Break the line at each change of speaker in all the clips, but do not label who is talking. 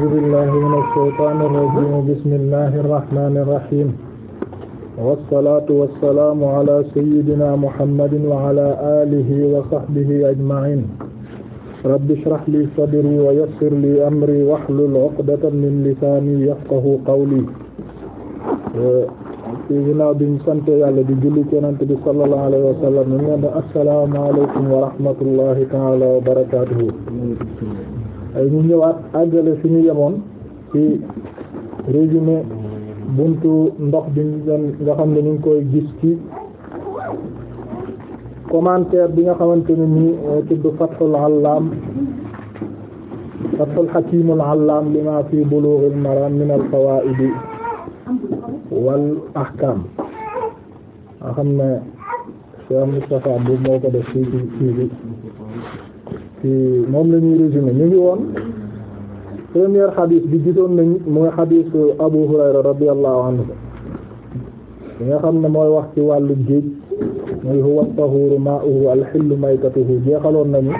أعوذ بالله من الشيطان الرجيم بسم الله الرحمن الرحيم والصلاة والسلام على سيدنا محمد وعلى آله وصحبه أجمعين رب اشرح لي صدري ويسر لي أمري واحلل عقدة من لساني يفقه قولي ginnaaw bi ñu sant yàlla di julli ci yonent bi sallallahu alayhi wa sallam ñu ngi leen di assalaamu alaykum wa rahmatullahi ta'ala wa barakatuhu ay ñu ñëwaat àggale fi yemoon ci résumé buntu ndox bi nga xam ne ñu ngi koy gis ci commentaire bi nga xamante ne nii eh, tudd Fathul Allaam Fathul Hakiimul Allaam lima fi Bulughil Maraam min al fawaa'id wal ahkaam nga xam ne Cheikh Moustapha bu moo ko def ci ci bi ci moom lañuy ñuy résumé ñu ngi woon première xadiis bi gisoon nañ mooy xadiisu Abu Hurayra radiyallahu anhu bi nga xam ne mooy wax ci wàllu géej muy huwa tahuuru maa'uhu al-hillu jeexaloon nañu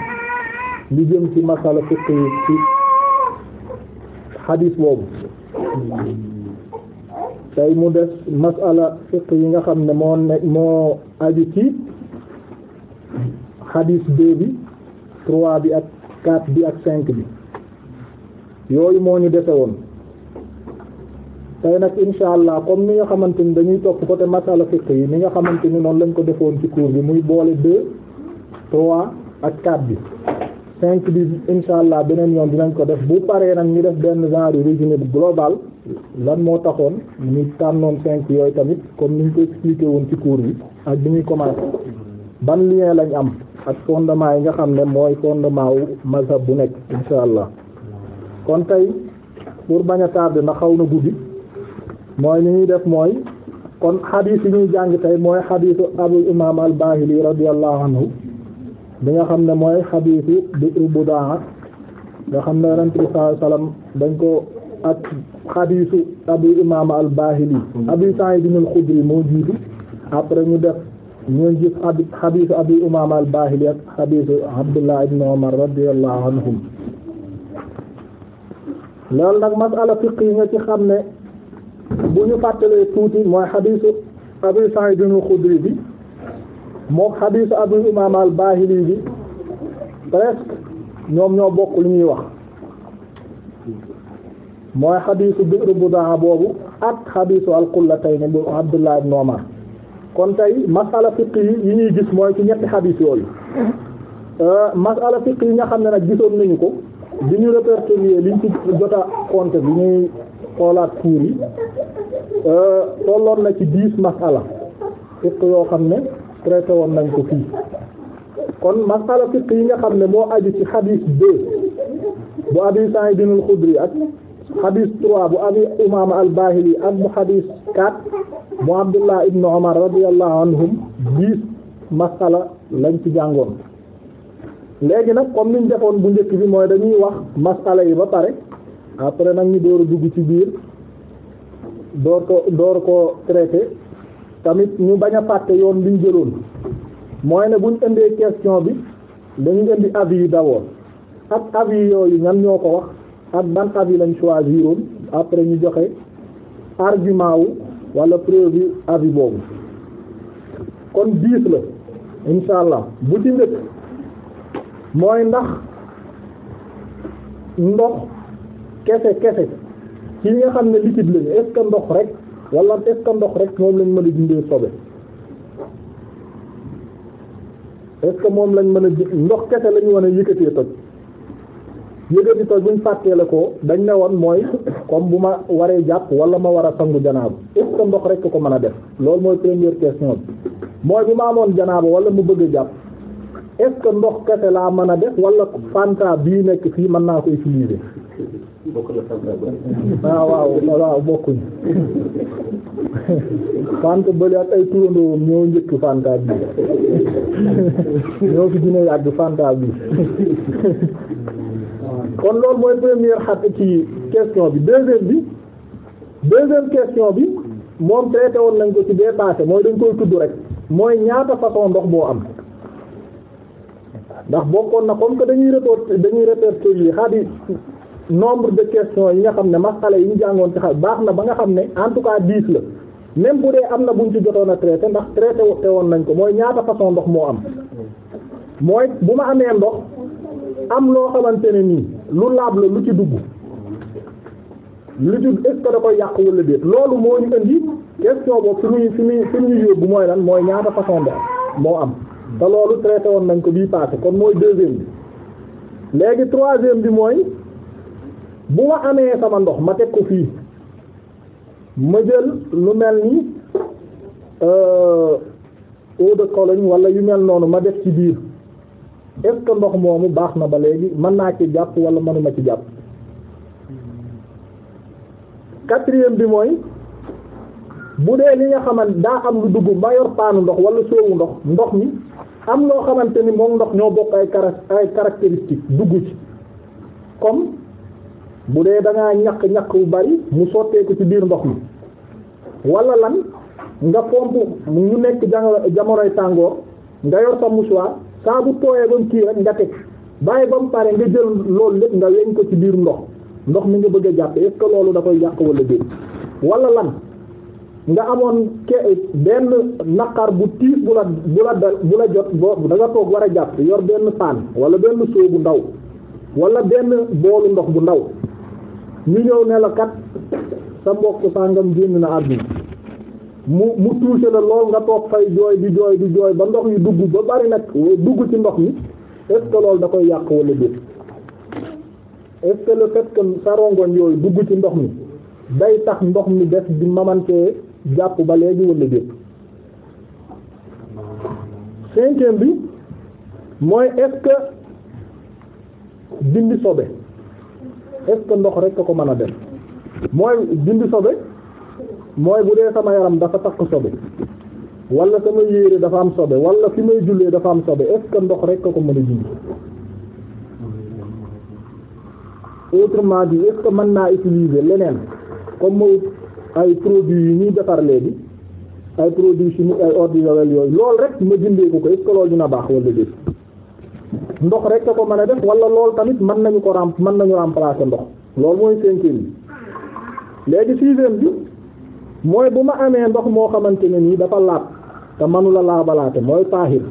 li jëm ci masala fiqh yi ci xadiis boobu tey mu des masala fiqh yi nga xam ne moo moo aju ci xadiis bi trois bi ak quatre bi ak cinq bi yooyu moo ñu dese woon tey nag insha allah comme ni nga xamante ni dañuy topp côté masala fiqh yi ni nga xamante ni noonu lañ ko defoon ci cours bi muy boole deux trois ak quatre bi cinq bi insha allah beneen yoon dinañ ko def bu paree nag ñu def benn genre résumé global lan moo taxoon ñu tànnoon cinq yooyu tamit kon ni ñu ko expliqué woon ci cours bi ak bi ñuy commencé ban lien lañ am ak fondement yi nga xam ne mooy fondement wu mazhab bu nekk insha allah kon tey pour bañ a tardé na xaw na guddi mooy ni ñuy def mooy kon xadiis yi ñuy jàng tey mooy xadiisu abu imaam al-Bahili radiyallahu anhu bi xam ne mooy xadiisu Bi'r Budaa nga xam ne yonent bi sallallahu dañ ko ak xadiisu abu imaam al-Bahili Abu Sa'id al-Khudri moo jiitu après ñu def ñooy gis xadiisu abi umaama al baahili xadiisu abdullah ibn umar radiyallahu anhum loolu nag masala fiq yi nga ci xam ne bu ñu fàttalee tuuti mooy xadiisu abi sa'id bi moo xadiisu abi umaama al baahili bi presque ñoom ñoo bokk lu ñuy wax mooy xadiisu bi'r budaa boobu ak xadiisu al qullatayn ibn umar kon tey masala fiqh yi yi ñuy gis mooy ci ñetti xadiis yooyu euh, masala fiqh yi nga xam ne nag gisoon nañu ko bi ñu répertorier liñ ci jota compte bi ñuy xoolaat cours yi euh, tolloon na ci dix masala fiqh yoo xam ne traité woon nañ ko fii kon masala fiqh yi nga xam ne moo aju ci xadiis de bu yi Sa'id al-Khudri ak xadiis trois bu abi Umaama al-Bahili ak bu xadiis quatre mu abdullah ibnu omar radiallahu anhum dix masala lañ ci jàngoon léegi nag comme niñ defoon bu njëkk bi mooy dañuy wax masala yi ba pare après nag ñu door a dugg ci biir door ko door ko traité tamit ñu bañ a fàtte yoon liñ jëloon mooy ne buñ indee question bi dañu indi avis yi d'abord ak avis yooyu ñan ñoo ko wax ak ban avis lañ choisiroon après ñu joxe argument wu wala preuve yi avis boobu kon diis la insha bu ci njëkk mooy ndax ndox kese kese ci nga xam ne liquide lañu est-ce ndox rek walla est-ce ndox rek moom lañ mën a dindee sobe est moom lañ mën a ndox kese lañu mën a yëkkatee toj yëgadi ko buñ la ko dañ ne woon mooy comme bu ma waree jàpp wala ma war a sangu janaaba est ce que ndox rek ko mën a def loolu mooy première question bi mooy bu ma amoon janaaba wala mu bëgg a jàpp est ce que ndox kese laa mën a def walla fanta bii nekk fii mën naa ko utiliser ah, waaw waaw bokkuñ fanta bële ak ay turandoom ñoo njëkk fanta bi ñoo fi dina yàgg fanta bi kon loolu mooy première xat ci question bi deuxième bi deuxième question bi moom traité woon nañ ko ci bee passé mooy dañ koy tudd rek mooy ñaata façon ndox boo am ndax bokkoon na comme ko dañuy répertorier dañuy répertorier xadi nombre de questions yi nga xam ne masala yi ñu jàngoon ci xal baax na ba nga xam ne en tout cas dix la même bu dee am na buñ ci jotoon a traité ndax traité te woon nañ ko mooy ñaata façon ndox moo am mooy bu ma amee ndox loo xamante ne nii lu laab la lu ci dugg lu ci est-ce que da koy yàq wala déet loolu moo ñu indi question boobu fi muy fi muy fi muy yóbbu mooy lan mooy ñaata façon de moo am te loolu traité woon nañ ko bii passé kon mooy deuxième bi léegi troisième bi mooy bu ma amee sama ndox ma teg ko fii ma jël lu mel ni euh, eau de Cologne wala yu mel noonu ma def ci biir. est ce ndox moomu baax na ba léegi mën naa ci jàpp wala mënuma ci jàpp quatrième bi mooy bu dee li nga xamante daa am lu dugg ba yor paanu ndox wala soowu ndox ndox mi am loo xamante ni moom ndox ñoo bokk ay cara ay caractéristiques dugg ci comme bu dee da ngaa ñaq ñaq bu bari mu sotteeku ci biir ndox mi wala lan nga pompe ñu nekk jamonoy tàngoor nga yor sa mouchoir saa bu tooyee ba mu kii rek nga teg bàyyi ba mu pare nga jël loolu lépp nga weñ ko ci biir ndox ndox mi nga bëgg a jàpp est-ce que loolu da koy yàq wala déet walla lan nga amoon ke benn naqar bu tiis bu la jot boo toog war a jàpp yor benn paan wala benn soo bu ndaw wala benn boolu ndox bu ndaw ñu ñëw ne la kat sa mbokk sàngam génn na àdduna mu mu touché la lool nga toog fay jooy di jooy di jooy ba ndox yi dugg ba bari nag dugg ci ndox mi est ce da koy yàq wala déet est ce sa rongoñ yooyu dugg ci ndox mi day tax ndox mi des bi mamantee jàpp ba léegi wala déet bi mooy est ce que dindi sobe est ndox rek a ko mën a def mooy dindi sobe mooy bu dee sama yaram dafa takk sobe wala sama yére dafa am sobe wala fi may jullee dafa am sobe est-ce que ndox rek ko mën a julli autrement dit est-ce mën naa utiliser leneen comme ay produits yi ñuy defar léegi ay produits chimiques ay ordures yooyu loolu rek ma jëndee ko ko est-ce dina baax wala déet ndox rek ko mën a def wala lool tamit mën nañu ko ram mën nañu remplacer ndox loolu mooy cinquième bi léegi sixième bi mooy bu ma amee ndox moo xamante ne nii dafa laab te manula laabalaate mooy taahir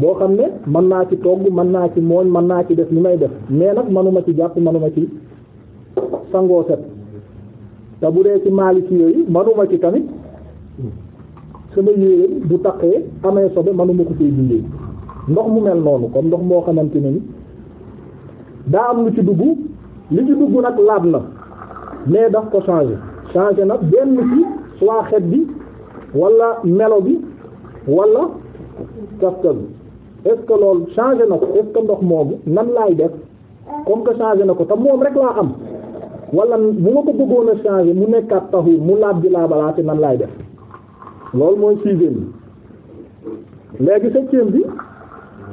boo xam ne mën naa ci togg mën naa ci mooñ man naa ci def li may def mais nag manuma ci jàpp manuma ci sangoo set te bu dee ci maaliki yooyu manuma ci tamit sama yéere bu taqee amee sobe manuma ko fay dundee ndox mu mel noonu comme ndox moo xamante ne ni daa am lu ci dugg li ci dugg nag laab na mais daf ko changer changer nag benn ci soit xet bi wala melo bi wala cafka bi est-ce changé na ko est-ce que ndox moomu nan laay def comme que changé na ko te moom rek laa am wala bu ma ko bëggoon a changé mu nekkaat taxu mu laab ji laabalaate nan laay def loolu mooy sixième bi léegi septième bi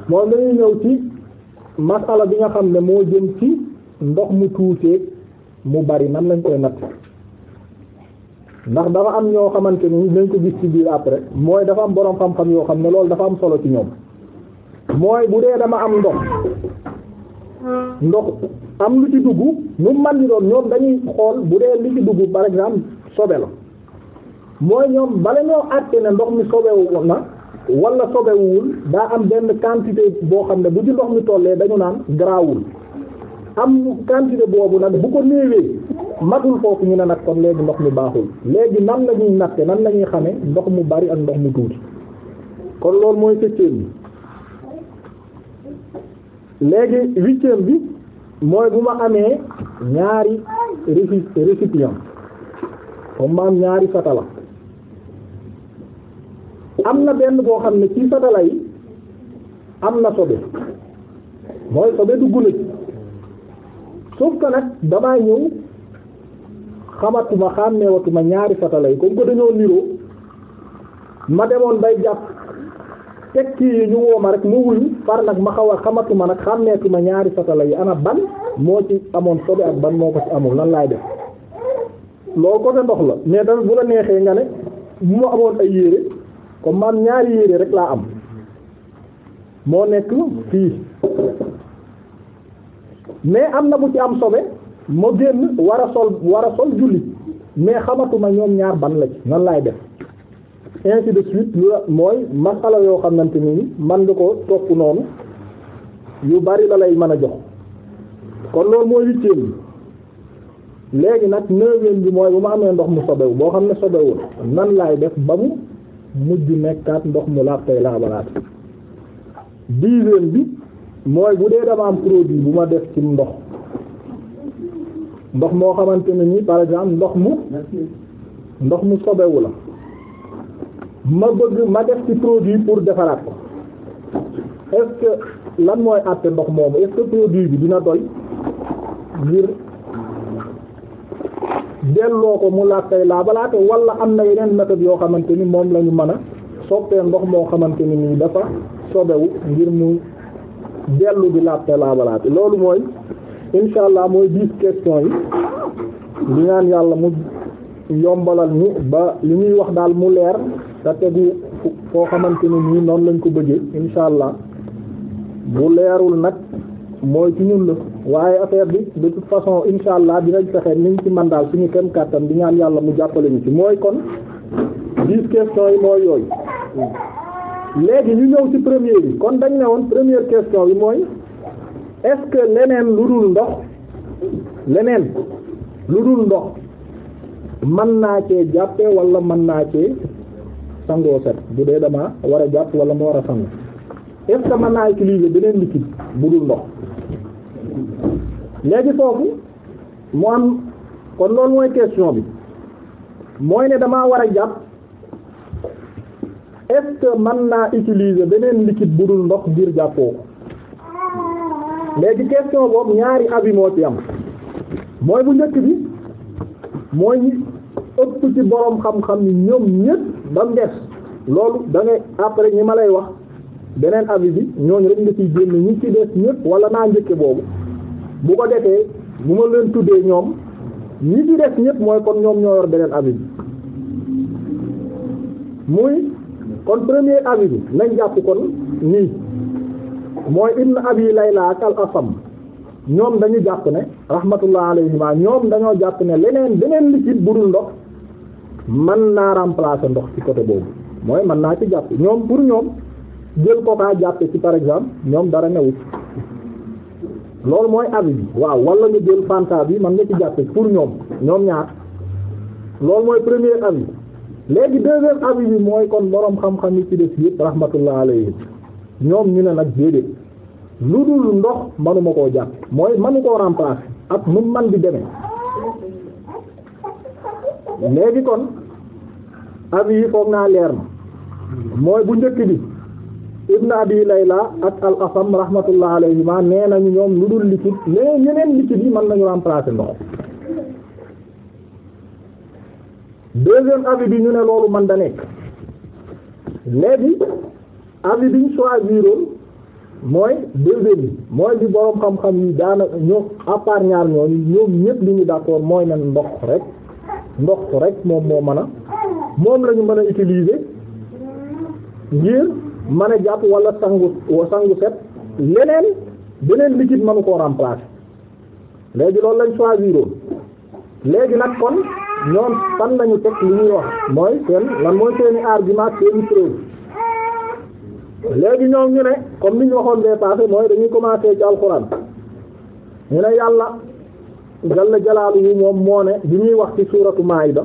moom dañuy ñëw ci masala bi nga xam ne moo jëm ci ndox mu tuuteeg mu bari nan lañ koy natt ndax dafa am ñoo xamante ni nañ ko gis ci biir après mooy dafa am boroom xam-xam yoo xam ne loolu dafa am solo ci ñoom mooy bu dee dama am ndox ndox am lu ci dugg nu man doon ñoom dañuy xool bu dee li ci dugg par exemple sobe la mooy ñoom bala ñoo àtte ndox mi sobewu na wala sobewuwul daa am benn quantité boo xam ne bu ci ndox mi tollee dañu naan garaawul am quantité boobu nag bu ko néewee matul foofu ñu ne nag kon léegi ndox mu baaxul léegi nan la ñuy natte nan la ñuy xamee ndox mu bari ak ndox mu tuuti kon loolu mooy septième bi léegi huitième bi mooy bu ma amee ñaari récipient comme ma am ñaari satala am na benn koo xam ne ci satala yi am na sobe mooy sobe dugg na ci sauf nag damaa ñëw xamatuma xàmmeewatuma ñaari satala yi comme ko dañoo niroo ma demoon bay jàpp tekki yi ñu wooma rek mu wuyu par nag ma xaw a xamatuma nag xàmmeetuma ñaari satala yi ana ban moo ci amoon sobe ak ban moo ko ci amul lan laay def loolu côté ndox la mais tamit bu la neexee nga ne bu ma amoon ay yére comme man ñaari yére rek laa am moo nekk fii mais am na bu ci am sobe ma génn war a sol war a sol julli mais xamatuma ñoom ñaar ban la ci nan laay def ainsi de suite lu la mooy masala yoo xamante ni man nga ko topp noonu yu bari la lay mën a jox kon loolu mooy huitième léegi nag neuvième bi mooy bu ma amee ndox mu sobewu boo xam ne sobewul nan laay def ba mu mujj nekkaat ndox mu laab tey laabalaat dixième bi mooy bu dee dama am produit bu ma def ci ndox ndox moo xamante ne ni par exemple ndox mu ndox mu sobewu la ma bëgg ma def ci produit pour defaraat ko est lan mooy àtte ndox moomu est-ce que produit bi dina doy ngir delloo ko mu laajtay laabalaate wala am na yeneen méthode yoo xamante ni moom la ñu mën a soppee ndox moo xamante ni nii dafa sobewu ngir mu dellu di laajtay laabalaate loolu mooy insha allah mooy dix questions yi di ñaan yàlla mu yombalal ñu ba li ñuy wax daal mu leer te tegu foo xamante ne nii noonu lañ ko bëggee insha allah bu leerul nag mooy ci ñun la waaye affaire bi de toute façon insha allah dinañ fexe niñ ci man daal suñu kem kàttan di ñaan yàlla mu jàppale ñu ci mooy kon dix questions yi mooy yooyu léegi ñu ñëw ci première bi kon dañ ne woon première question bi mooy est-ce leneen lu dul ndox leneen lu dul ndox mën naa cee jàppe wala man naa cee sangoo set bu dee dama war a jàpp wala ma war a sangu est-ce que mën naa utiliser beneen liquide bu dul ndox léegi foofu mu kon loolu mooy question bi mooy ne dama war a jàpp est-ce naa utilise beneen liquide bu dul ndox ngir jàppoo ko léegi question boobu ñaari avis moo ci am mooy bu njëkk bi mooy ñi ëpp ci borom xam-xam ni ñoom ñëpp ba mu des loolu da ngay après ñi ma lay wax beneen avis bi ñooñu rek nga ciy génn ñi ci des ñëpp wala naa njëkke boobu bu ko defee bu ma leen tuddee ñoom ñi ci des ñëpp mooy kon ñoom ñoo yor beneen avis bi muy kon premier avis bi nañ jàpp kon nii mooy ibn abi layla ak al asam ñoom dañu jàpp ne rahmatullah alayhima ñoom dañoo jàpp ne leneen beneen liquide bu dul ndox man naa remplacer ndox ci côté boobu mooy mën naa ci jàpp ñoom pour ñoom jël coca jàppe ci par exemple ñoom dara newut loolu mooy abi bi waaw wala nga jël fanta bi man nga ci jàppe pour ñoom ñoom ñaar loolu mooy premier abi léegi deuxième abi bi mooy kon borom xam-xam yi ci def yëpp rahmatullah alayhim ñoom ñu ne nag déedéet lu dul ndox manuma koo jàpp mooy manu koo remplacer ak nu man di demee léegi kon avis yi foog naa leer na mooy bu njëkk bi ibn abi layla ak al asam rahmatullah alayhima nee nañu ñoom lu dul liquide mais ñeneen liquide yi mën nañu remplacer ndox deuxième avis bi ñu ne loolu man da nekk léegi avis bi ñu mooy deuxième bi mooy bi borom xam-xam yi daanaka ñoom à part ñaar ñooñu ñoom ñëpp li ñu d'accord mooy na ndox rek ndox rek moom moo mën a moom lañu ñu mën a utiliser ngir man a jàpp wala sangu sangu set leneen beneen liquide mënu koo remplacer léegi loolu lañ choisiroon léegi nag kon ñoom fan nañu teg li ñuy wax mooy seen lan mooy seeni argument seeni preuve léegi ñoom ñu ne comme ni ñu waxoon bee mooy dañuy commencer ci alxuraan ñu ne yàlla jalla jalaalu yu moom moo ne bi ñuy wax ci suuratu maayda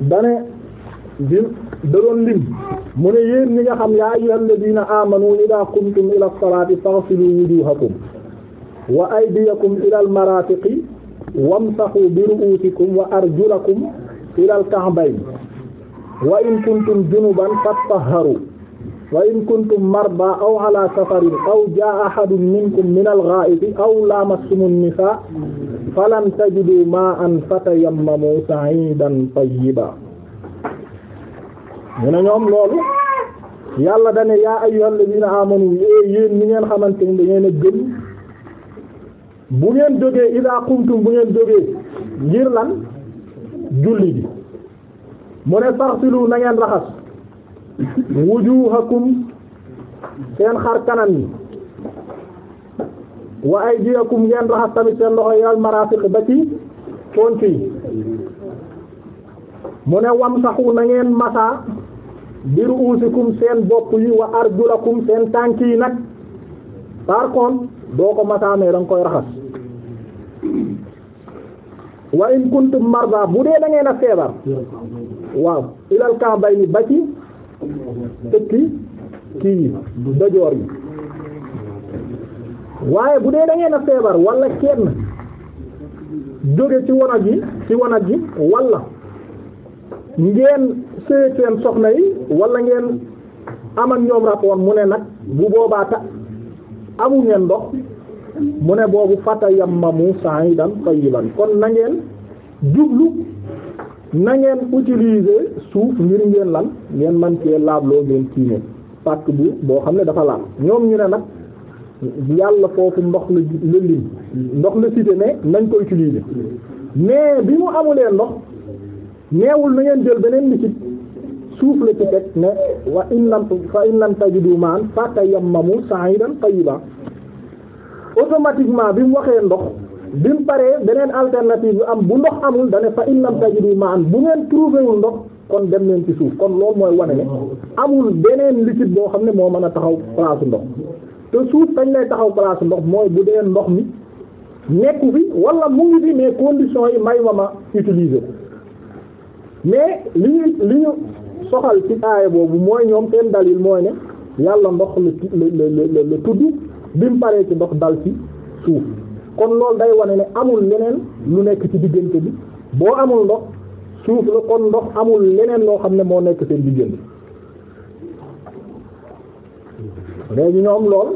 dane bi da lim mu ne yéen ñi nga xam yaa ayyuhal ladina amanu idaa qumtum ila salaati faghsilu wujuhakum wa aydiyakum ila al marafiqi wamsahu bi ru'usikum wa arjulakum ila al wa in kuntum junuban fattaharu wa in kuntum marda aw ala safarin aw jaa ahadun minkum min al-ghaa'iti aw lamassumu nisaa falam tajidu maa'an fatayammamu sa'iidan tayyiba ñu ne ñoom loolu yàlla dane yaa ayyuhallaziina aamanu yéen ñi ngeen xamante ni dangeen a gëm bu ngeen jógee idaa qumtum bu ngeen jógee ngir lan julli bi mu ne farsilu na ngeen raxas wujuhakum seen xar kanam yi wa aydiyakum ngeen raxas tamit seen loxo yal marafiq ba ci fonk mu ne wamsaxu na ngeen bi ru'usikum seen bopp yi wa arjulakum seen tànk yi nag par contre doo ko masa mais danga koy raxas wa in kuntum marda bu dee dangeen a feebar waaw ilal ka'bayni ba ci ëkki kii yi dajoor yi waaye bu dee dangeen a feebar wala kenn jóge ci wanag yi ci wanag yi wala ngeen sëy seen soxna yi wala ngeen am ak ñoom rapport mu ne nag bu boobaa ta amu ngeen ndox mu ne boobu fatayammamu sa'idan tayyiban kon nangeen ngeen jublu na ngeen utiliser suuf ngir ngeen lan ngeen man cee laabloo ngeen tiimee pàcc bu boo xam ne dafa laal ñoom ñu ne nag yàlla foofu ndox la la lim ndox la cité ne nañ ko utiliser mais bi mu amulee ndox neewul na ngeen jël beneen liquide suuf la ci teg ne wa in lam fa in lam tajidu ma'an fatayammamu sa'idan tayyiban automatiquement bi mu waxee ndox bi mu paree beneen alternative bi am bu ndox amul dane fa in lam tajidu ma'an bu ngeen trouvé wul ndox kon dem leen ci suuf kon loolu mooy wane ne amul beneen liquide boo xam ne moo mën a taxaw place ndox te suuf dañ lay taxaw place ndox mooy bu dee ndox mi nekku fi wala mu ngi fi mais conditions yi may ma ma utiliser mais li ñu li ñu soxal ci aaya boobu mooy ñoom seen dalil mooy ne yàlla ndox la la la la tudd bi mu paree ci ndox dal ci suuf kon loolu day wane ne amul leneen lu nekk ci diggante bi boo amul ndox suuf la kon ndox amul leneen loo xam ne moo nekk seen diggante léegi ñoom lool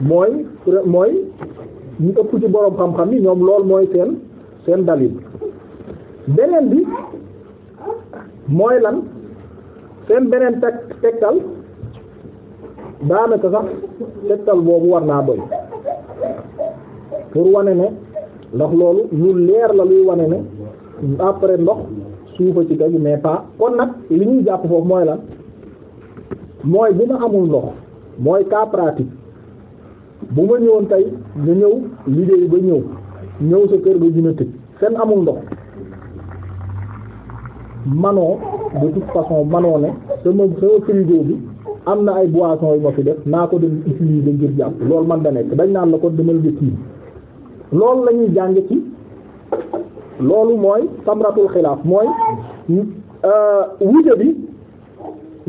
mooy mooy ñu ëpp ci boroom xam-xam yi ñoom lool mooy seen seen dalil beneen bi mooy lan seen beneen teg tegtal daanaka sax tegtal boobu war naa doy pour wane ne ndax loolu lu leer la luy wane ne après ndox suufa ci tegu mais pas kon nag li ñuy jàpp foofu mooy lan mooy bu ma amul ndox mooy cas pratique bu ma ñëwoon tey nga ñëw liggéey ba ñëw ñëw sa kër ga dina tëj seen amul ndox manoo de toute façon manoo ne sama sama frigo bi am na ay boissons yu ma fi def naa ko dem utiliser ngir jàpp lool man da nekk dañ naan la ko demal nga tiim loolu la jàng ci loolu mooy samratul xilaaf mooy euh, wute bi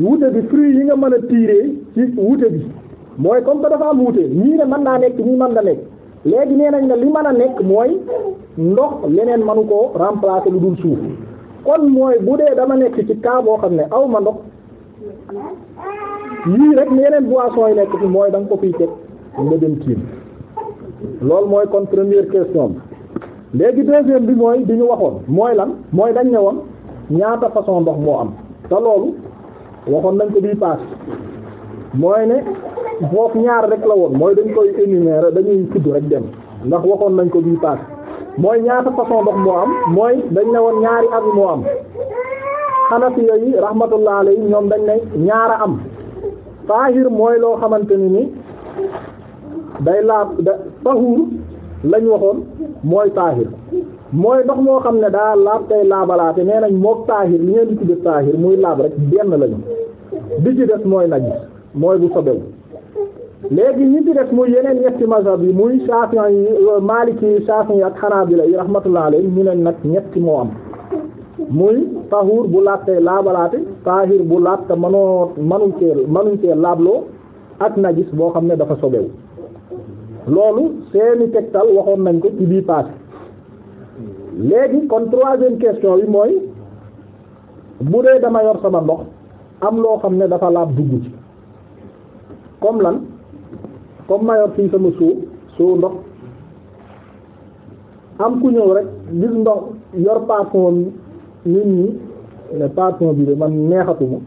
wute bi fruit yi nga mën a tirer ci wute bi mooy comme que dafa am wute ñii ne mën naa nekk ñii man na nekk léegi nee nañ ne li mën a nekk mooy ndox leneen manu koo remplacer lu dul suuf kon mooy bu dee dama nekk ci cas boo xam ne aw ma ndox. yii rek yeneen boissons yi nekk fi mooy da nga ko fiy teg nga dem tiim loolu mooy kon première question bi léegi deuxième bi mooy di ñu waxoon mooy lan mooy dañ ne woon ñaata façon ndox moo am te loolu waxoon nañ ko bii paas mooy ne foofu rek la mooy dañ koy dañuy rek dem ndax waxoon nañ ko bii paas mooy ñaata façon ndox moo am mooy dañ ne woon ñaari at moo am xanafi yi rahmatullah alayhi ñoom dañ ne ñaara am taahir mooy loo xamante ni ni day laab da tahuur lañ waxoon mooy taahir mooy ndox moo xam ne daal laab tay laabalaate nee nañ mook taahir li ngeen di tudde taahir muy laab rek benn lañu bi des mooy najis mooy bu sobewu léegi ñi ci des muy yeneen ñetti mazhab yi muy Shafi'i yi euh, Maliki yi Shafi'i yi ak Hanabila yi rahmatullah alayhi ñu ne nag ñetti moo am muy tahuur bu laab tay laabalaate taahir bu laab te manoo manuñ cee manuñ cee laabloo ak najis boo xam ne dafa sobewu loolu seeni tegtal waxoon nañ ko ci bii passé léegi kon troisième question bi mooy bu dee dama yor sama ndox am loo xam ne dafa laab dugg ci comme lan comme ma yor fii sama suu suu ndox am ku ñëw rek gis ndox yor parfum nit ñi ne parfum bi de man neexatuma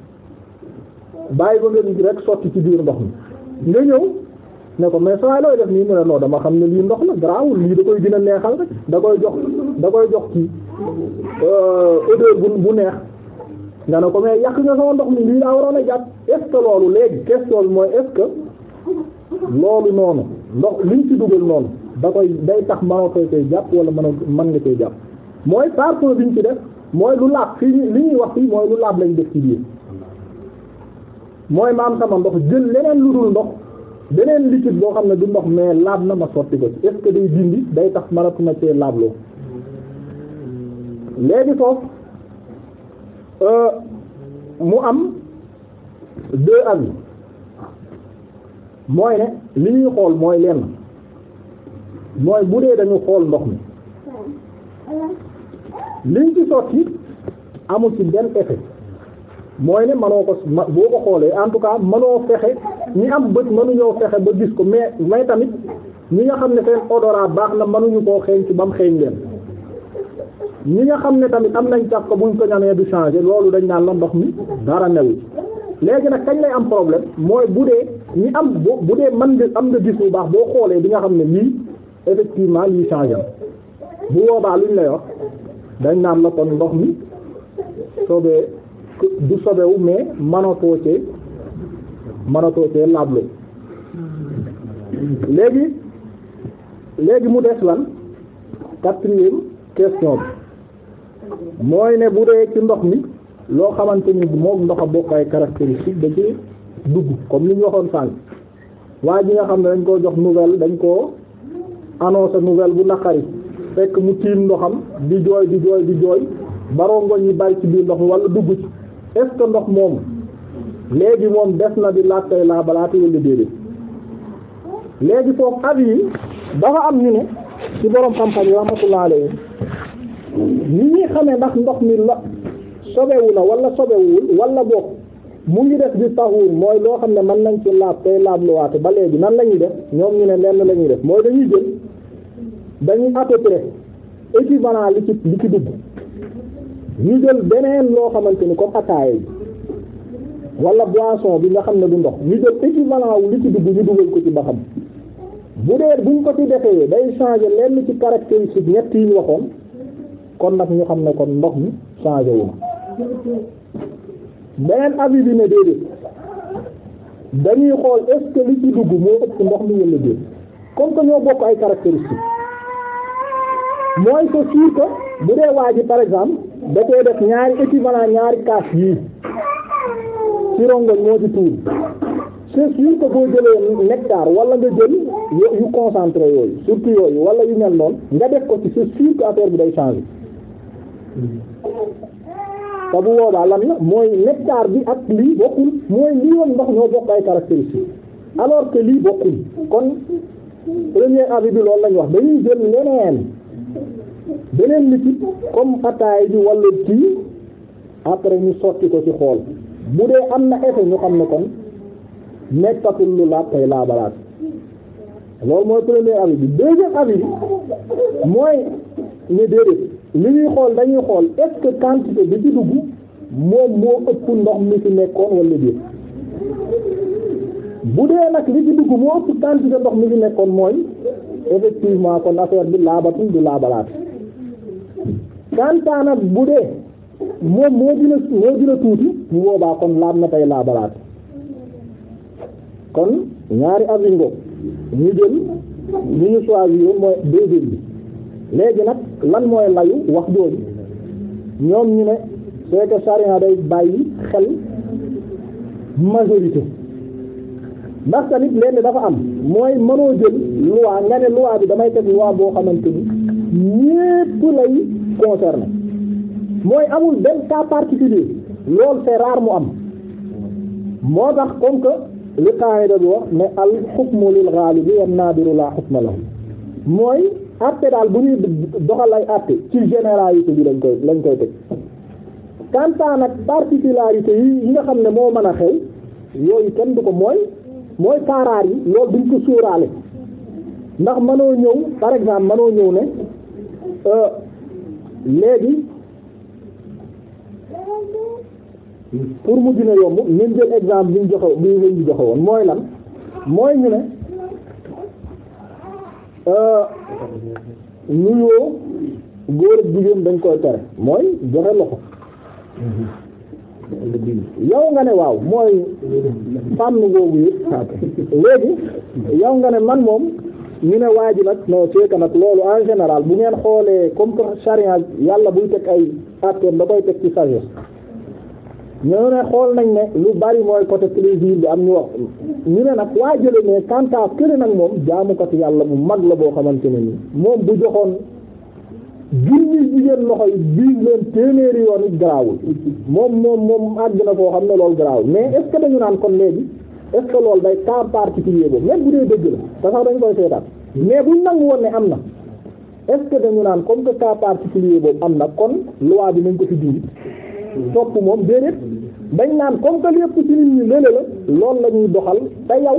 bàyyi ba nga rek sotti ci biir ndox mi nga ñëw ne ko mais saa looy def nii mu ne non dama xam ne lii ndox la garaawul lii da koy gën a neexal rek da koy jox da koy jox ci euh, odeur bu bu neex nga ne ko mais yàq nga sama ndox mi lii laa waroon a jàpp est loolu léegi question bi mooy est-ce que loolu noonu ndox liñ ci dugal noonu da koy day tax mënoo koy koy jàpp wala mën a mën nga koy jàpp mooy parfum biñ ci def. mooy lu laab fii li ñuy wax fii mooy lu laab lañ def ci biir mooy ma am sama ndox jël leneen lu dul ndox beneen liquide boo xam ne du ndox mais laab na ma sotti ko est-ce que day dindi day tax maratuma cee laabloo léegi foofu euh, mu am deux avis mooy ne li ñuy xool mooy lenn mooy bu dee dañu xool ndox mi liñ ci sotti amul ci benn effet mooy ne manoo ko ma boo ko xoolee en tout cas manoo fexe ñi am bët mënuñoo fexe ba gis ko mais mais tamit ñi nga xam ne seen a baax na mënuñu koo xeeñ ci ba mu xeeñ leen ñi nga xam ne tamit am nañ càq buñ ko ñamee du changer loolu dañ naan la ndox mi dara newu léegi nag kañ lay am problème mooy bu dee ñi am bu bu dee mën nga am nga gis bu baax boo xoolee di nga xam ne lii effectivement lii changer bu boobaa luñ lay wax dañ naan la kon ndox mi sobee du sobewu mais manatoo cee manatoo cee laablu léegi léegi mu des lan quatrième question bi mooy ne bu dee ci ndox mi loo xamante ni moom ndox a bokk ay caractéristiques da ci dugg comme li ñu waxoon sànq waa ji nga xam ne dañ koo jox nouvelle dañ koo annoncer nouvelle bu naqari fekk mu tiim ndoxam di jooy di jooy di jooy barongoñ yi bari ci biir ndox mi walla dugg ci est ce que ndox moom léegi moom des na bi laaj tey laa balaate wala déedéet léegi foofu at yi dafa am ñu ne ci borom xam-xam yi rahmatullah alayhi ni ñuy xamee ndax ndox mi la sobewu na wala sobewul wala boog mu ngi def di taxuur mooy loo xam ne nañ ci laab tey laab ba léegi nan la ñuy def ñoom ñu ne lenn la ñuy def mooy dañuy jël dañuy à peu près équivalent li ci li ci dugg ñu jël beneen loo xamante ni comme ataaya bi wala boisson bi nga xam ne du ndox ñu jël équivalent wu li ci dugg ñu dugal ko ci baxam bu dee buñ ko ci defee day changer lenn ci caractéristique ñett yi ñu waxoon kon nag ñu xam ne kon ndox mi changé wu na beneen avis bi déedéet dañuy xool est-ce li ci dugg moo ëpp ndox mi wala déet comme que ñoo bokk ay caractéristiques mooy que suur ko bu dee waa ji par exemple da koy def ñaari équivalent ñaari kaas yii ci rongoñ moo ci tuur c'est sûr que boo jëlee nectar wala nga jël yu concentré yooyu surtout yooyu wala yu mel noonu nga def ko ci c'est sûr que affaire bi day changer te bu boobaa lan la mooy nectar bi ak lii bokkul mooy lii woon ndox ñoo bokk ay caractéristiques alors que lii bokkul kon premier avis bi loolu lañu wax dañuy jël leneen beneen liquide comme ataay bi wala tii après ñu sotti ko ci xool bu dee am na effet ñu xam ne kon nekkatul lu laab tey laabalaat loolu mooy premier avis bi deuxième avis bi mooy ne déedéet li ñuy xool dañuy xool est-ce que quantité bi ci dugg moom moo ëpp ndox mi ci nekkoon wala déet bu dee nag li ci dugg moo ëpp quantité ndox mi ci nekkoon mooy effectivement kon affaire bi laabatul du laabalaat kantaan ak bu dee moom moo dina moo dina tuuti bu boobaa kon laab na tey laabalaat kon ñaari avingo ñu jël ñu ñu choisir mooy deuxième bi léegi nag lan mooy layu wax jooju ñoom ñu ne c'est que day bàyyi xel majorité ndax tamit lenn dafa am mooy mënoo jël loi nga ne loi bi damay teg loi boo xamante ni ñépp lay concerné mooy amul benn cas particulier loolu c'est rare mu am moo tax comme que li qaida bi wax ne al hukmu lil ghalibi wan nadiru la mooy atte daal bu ñuy doxal ay atte ci généralité bi lañ koy lañ koy teg quant à nag particularité yi yi nga xam ne moo mën a xew yooyu kenn du ko mooy mooy kaaraar yi loolu duñ ko sóoraale ndax mënoo ñëw par exemple mënoo ñëw ne euh, léegi pour mu dina yomb nañ jël exemple bi ñu joxe bi ñu joxe woon mooy lan mooy ñu ne euh, nuyoo góor ak jigéen dañ koy tere mooy joxe loxo yow nga ne waaw mooy fànn googu yëpp léegi yow nga ne man moom ñu ne waa ji nag non c'est nag loolu en général bu ngeen xoolee comme que charia yàlla buy teg ay atteem ba koy teg ci sagesse ñu ne xool nañ ne lu bari mooy côté plaisir bi am ñu wax ñu ne nag waa jële ne quant nag moom jaamukatu yàlla bu mag la boo xamante nii moom bu joxoon junni jigéen loxo yi biis leen téeméeri yoon it garaawul moom moom moom àgg na koo xam ne loolu garaawul mais est-ce dañu naan kon léegi est-ce que loolu day cas particulier boobu même bu dee dëgg la te sax dañ koy seetaat mais buñ nangu woon ne am na est-ce que dañu naan comme que cas particulier boobu am na kon loi bi nañ ko fi dindi topp moom déedéet dañ naan comme que lépp ci nit ñi lële la loolu ñuy doxal te yow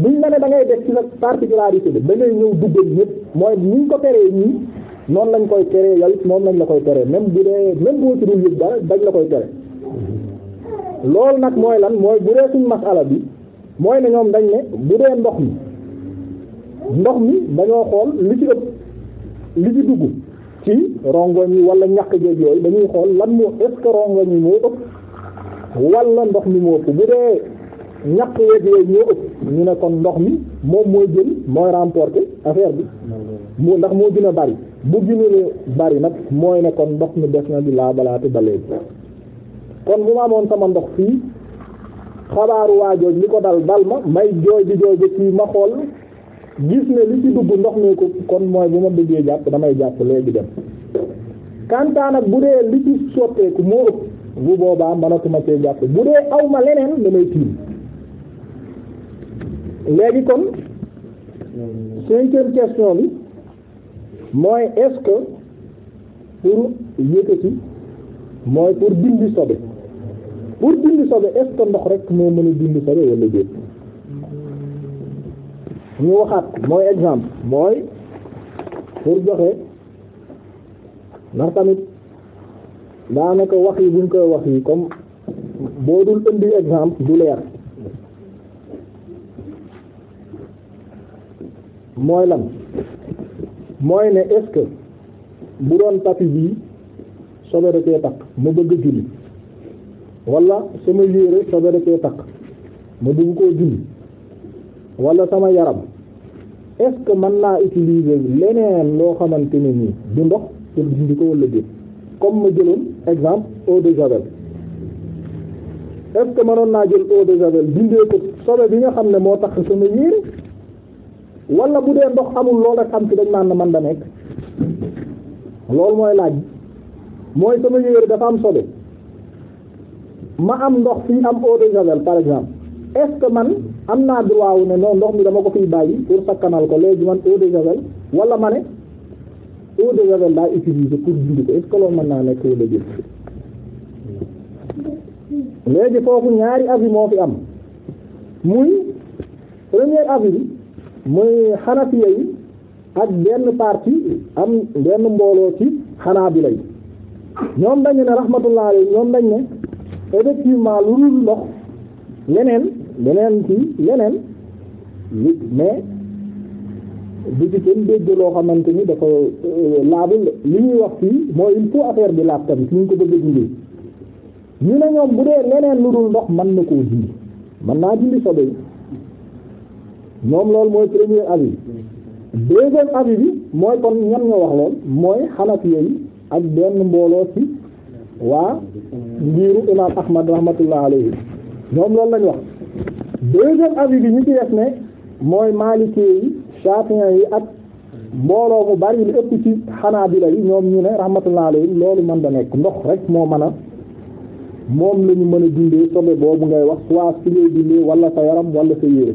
buñ la ne da ngay def ci nag particularité bi da ngay ñëw duggal ñëpp mooy niñ ko teree ñii noonu lañ koy teree yow moom lañ la koy teree même bu dee même boo ci dul yëg dañ la koy tere loolu nag mooy lan mooy bu dee suñ masala bi mooy ne ñoom dañ ne bu dee ndox mi ndox mi dañoo xool li ci ëpp li wala ñàkk géej yooyu xool lan moo est-ce que rongoñ yi moo mi moo ëpp bu dee ndox mi moom mooy jël mooy remporter affaire bi moo ndax moo dina bari bu gënalee bari nag mooy ne kon ndox mi des na di laabalaate ba léegi kon bu ma amoon sama ndox fii xabaaru waajooj ni ko dal bal ma may jooy di jooy bi fii ma xool gis ne li ci dugg ndox mi ko kon mooy bu ma bëggee jàpp damay jàpp léegi dem kantaan ak bu dee li ci sotteeku moo ëpp bu boobaa manatuma see jàpp bu dee aw leneen damay tiim léegi kon cinquième question bi mooy est-ce que pour mooy pour dindi sobe pour dindi sobe est-ce que ndox rek a sobe wala déet ñu waxaat mooy exemple mooy pour joxe ndax tamit daanaka wax yi buñ koy wax yi comme boo dul indi du leer mooy lan mooy ne est-ce que bu doon tapis bii sobe da koy takk ma bëgg a julli wala sama yére sobe da koy takk ma bëgg koo julli wala sama yaram est-ce que mën naa utiliser leneen loo xamante ni nii du ndox pour dindi ko wala déet comme ma jëloon exemple eau de javel est-ce naa jël eau de javel dindee ko sobe bi nga xam ne moo tax sama yére wala bu dee ndox amul lool rek am ci dañ maan na man da nekk loolu mooy laaj mooy sama yére dafa am sobe ma am ndox fii am eau de javel par exemple est man am naa droit wu ne non ndox mi dama ko fiy bàyyi pour sakkanal ko léegi man eau de javel wala ma ne eau de javel daa ko est-ce que naa nekk wala jël foofu ñaari avis moo fi am muy premier avis mooy xanafiya yi ak benn partie am benn mbooloo ci bi yi ñoom dañu ne rahmatullah alayhi ñoom dañ ne effectivement lu dul ndox leneen leneen ci leneen lu mais du ci kenn dégg loo xamante ni dafa euh, laabul li ñuy wax fii mooy il faut affaire bi laab tamit ñu ko bëgg a dindi ñu ne ñoom bu dee leneen lu dul ndox mën na koo dindi mën naa dindi sobe yi ñoom loolu mooy premier avis deuxième avis bi mooy kon ñan nga wax lool mooy xanafi yi ak benn mbooloo ci waa ngiiru imam ahmad rahmatullah alayhi ñoom loolu lañ wax deuxième avis bi ñu ci def ne mooy maliki yi shafi'i yi ak mbooloo mu bari lu ëpp ci xanaabila yi ñoom ñu ne rahmatullah alayhi loolu mën da nekk ndox rek moo mën a moom la ñu mën a dundee sobe boobu ngay wax soit si ngay dundee wala sa yaram wala sa yére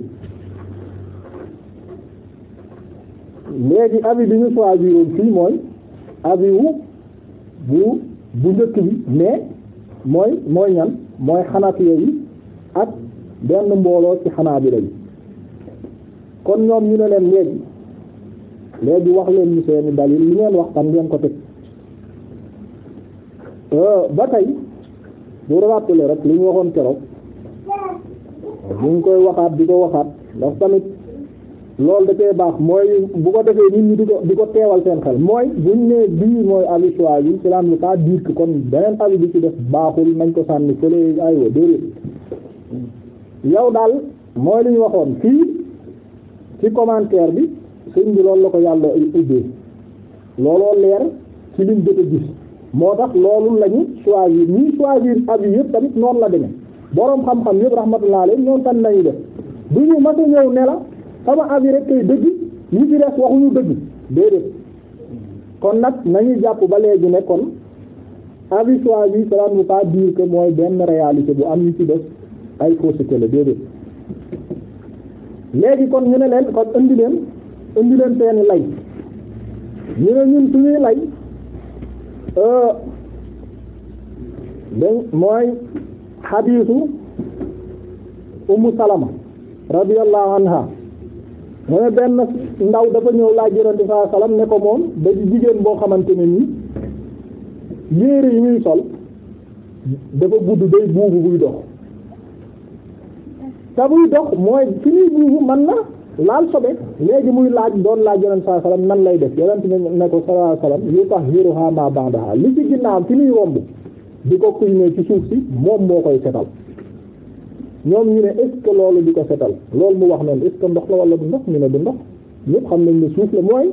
léegi avis bi ñu choisir woon fii mooy avis wu bu bu njëkk bi mais mooy mooy ñan mooy xanafiya yi ak benn mbooloo ci bi yi kon ñoom ñu ne leen léegi léegi wax leen ñu seeni dalil li ngeen wax tam ngeen ko teg euh, ba tey bu rappelé rek li ñu waxoon keroog ñu ngi koy waxaat di ko waxaat ndax tamit loolu da baax mooy bu ko defee nit ñi di ko di ko teewal seen xel mooy buñ ne bii mooy avis choisi cela ne veut pas ko kon beneen avis bi ci def baaxul nañ ko sànni fële aywa déedéet yow daal mooy li waxoon fii ci commentaire bi sëñ bi loolu la ko yàlla ubbee looloo leer ci liñ jot gis moo tax loolu lañu choisir ñuy choisir avis yëpp tamit noonu la demee boroom xam-xam yëpp rahmatullah alayhi ñoom tan lañu def bu ñu mata ñëw ne sama avis rek kay dëgg ñi ci des waxuñu dëgg déedéet kon nag nañu jàpp ba léegi ne kon avis soit bi cela ne veut mooy benn réalité bu am ñu ci des ay fausseté la déedéet léegi kon ñu ne leen kon indi leen indi leen seeni lay ñu ne ñun suñuy lay euh, dañ mooy xadiisu Ummu Salama radiyallahu anha mu ne benn ndaw dafa ñëw laaj yonente saa salaam ne ko moom da jigéen boo xamante ne nii yére yi muy sol dafa gudd day buubu buy dox te buy dox mooy fi muy buubu man na laal sobe léegi muy laaj doon laaj yonente saa salaam nan lay def yonente ne ko saa salaam yu tax yéruha ma ba'daha li ci ginnaaw fi muy romb di ko kuy ne ci suuf si moom moo koy setal ñoom ñu ne est-ce loolu di ko setal loolu mu wax noonu est-ce ndox la wala du ndox ñu ne du ndox ñëpp xam nañ ne suuf la mooy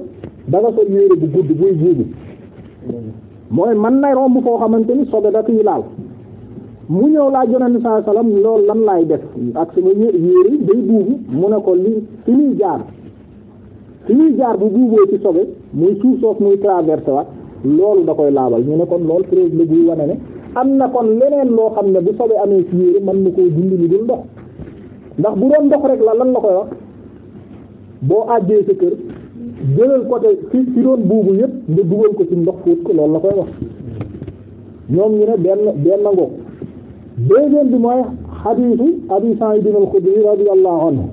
da nga sol yére bu gudd buy man nay romb foo xamante ni sobe da koy laal mu ñëw laa jonani saa salaam loolu lan laay def ak sama yére yi day buubu mu ne ko li fi muy jaar fi muy jaar bu buuboo ci sobe muy suuf soof muy traversé waat loolu da koy laabal ñu ne kon loolu preuve buy wane ne am na kon leneen loo xam ne bu sobe amee na koo dindi lu dul ndox ndax bu doon ndox rek la lan la koy wax boo àjjee sa kër jëlal côté ci ci doon buubu yëpp nga ko ci ndox fóot ko loolu la koy wax ñoom ñu ne benn benn ngoog deuxième bi mooy xadiisu abi Sa'iid al-Xudri radiyallahu anhu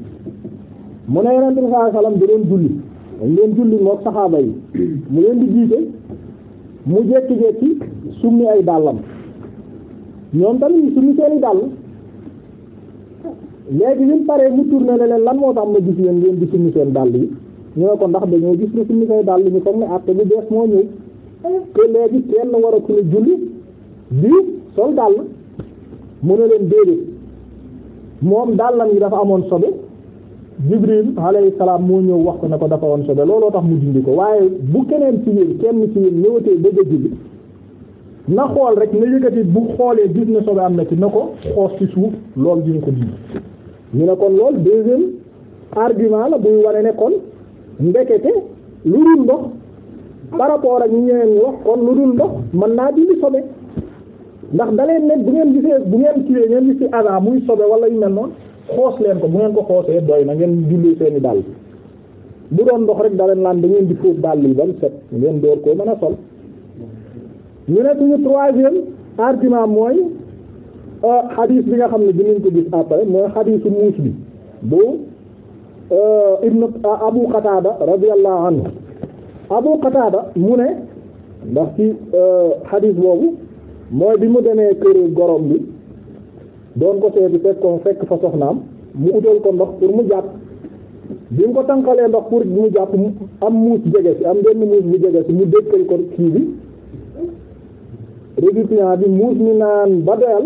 mu ne yonent bi sallallahu alayhi wasallam da doon julli dañ doon julli mook mu leen di jiite mu jekki-jekki summi ay dàllam ñoom tamit suñu seen dàll léegi bi mu paree mu tourné ne leen lan moo tax ma gis yéen ngeen di suñu seen dàll yi ñu ko ndax dañoo gis ne suñu seen dàll ñu comme ne te bu bees moo ñëw te léegi kenn war a ku ne julli di sol dàll mu ne leen déedéet moom dàllam yi dafa amoon sobe Jibril alayhi salaam moo ñëw wax ko ne ko dafa amoon sobe looloo tax mu dindi ko waaye bu keneen ci yéen kenn ci yéen ñëwatee bëgg a julli na xool rek na yëkkati bu xoolee gis ne sobe am na ci na ko xoos ci suuf lool dina ko dindi ñu ne kon lool deuxième argument la buy wane ne kon ndekete lu dul ndox par rapport ak ñu ñeneen ñi wax kon lu dul ndox man naa dindi sobe ndax daleen ne bu ngeen gisee bu ngeen kiiwee ngeen gis ci aza muy sobe wala yu mel noonu xoos leen ko bu ngeen ko xoosee doy na ngeen julli seeni dàll bu doon ndox rek daleen laan da ngeen di fóot dàll yi ba mu set ngeen door koo a sol ñu ne suñu troisième argument mooy euh, xadiis bi nga xam ne bi dinañ ko gis après mooy xadiisu muus bi bu euh, ibnu abu qataada radiyallahu anhu abu qataada mu ne ndax ci euh, xadiis boobu mooy bi mu demee kër gorom bi doon ko seeti fekk ko fekk fa soxnaam mu utal ko ndox pour mu jàpp bi mu ko tànqalee ndox pour mu jàpp am muus jege si am benn muus bu jege si mu dëkkal ko kii bi récipient bi muus mi naan ba doyal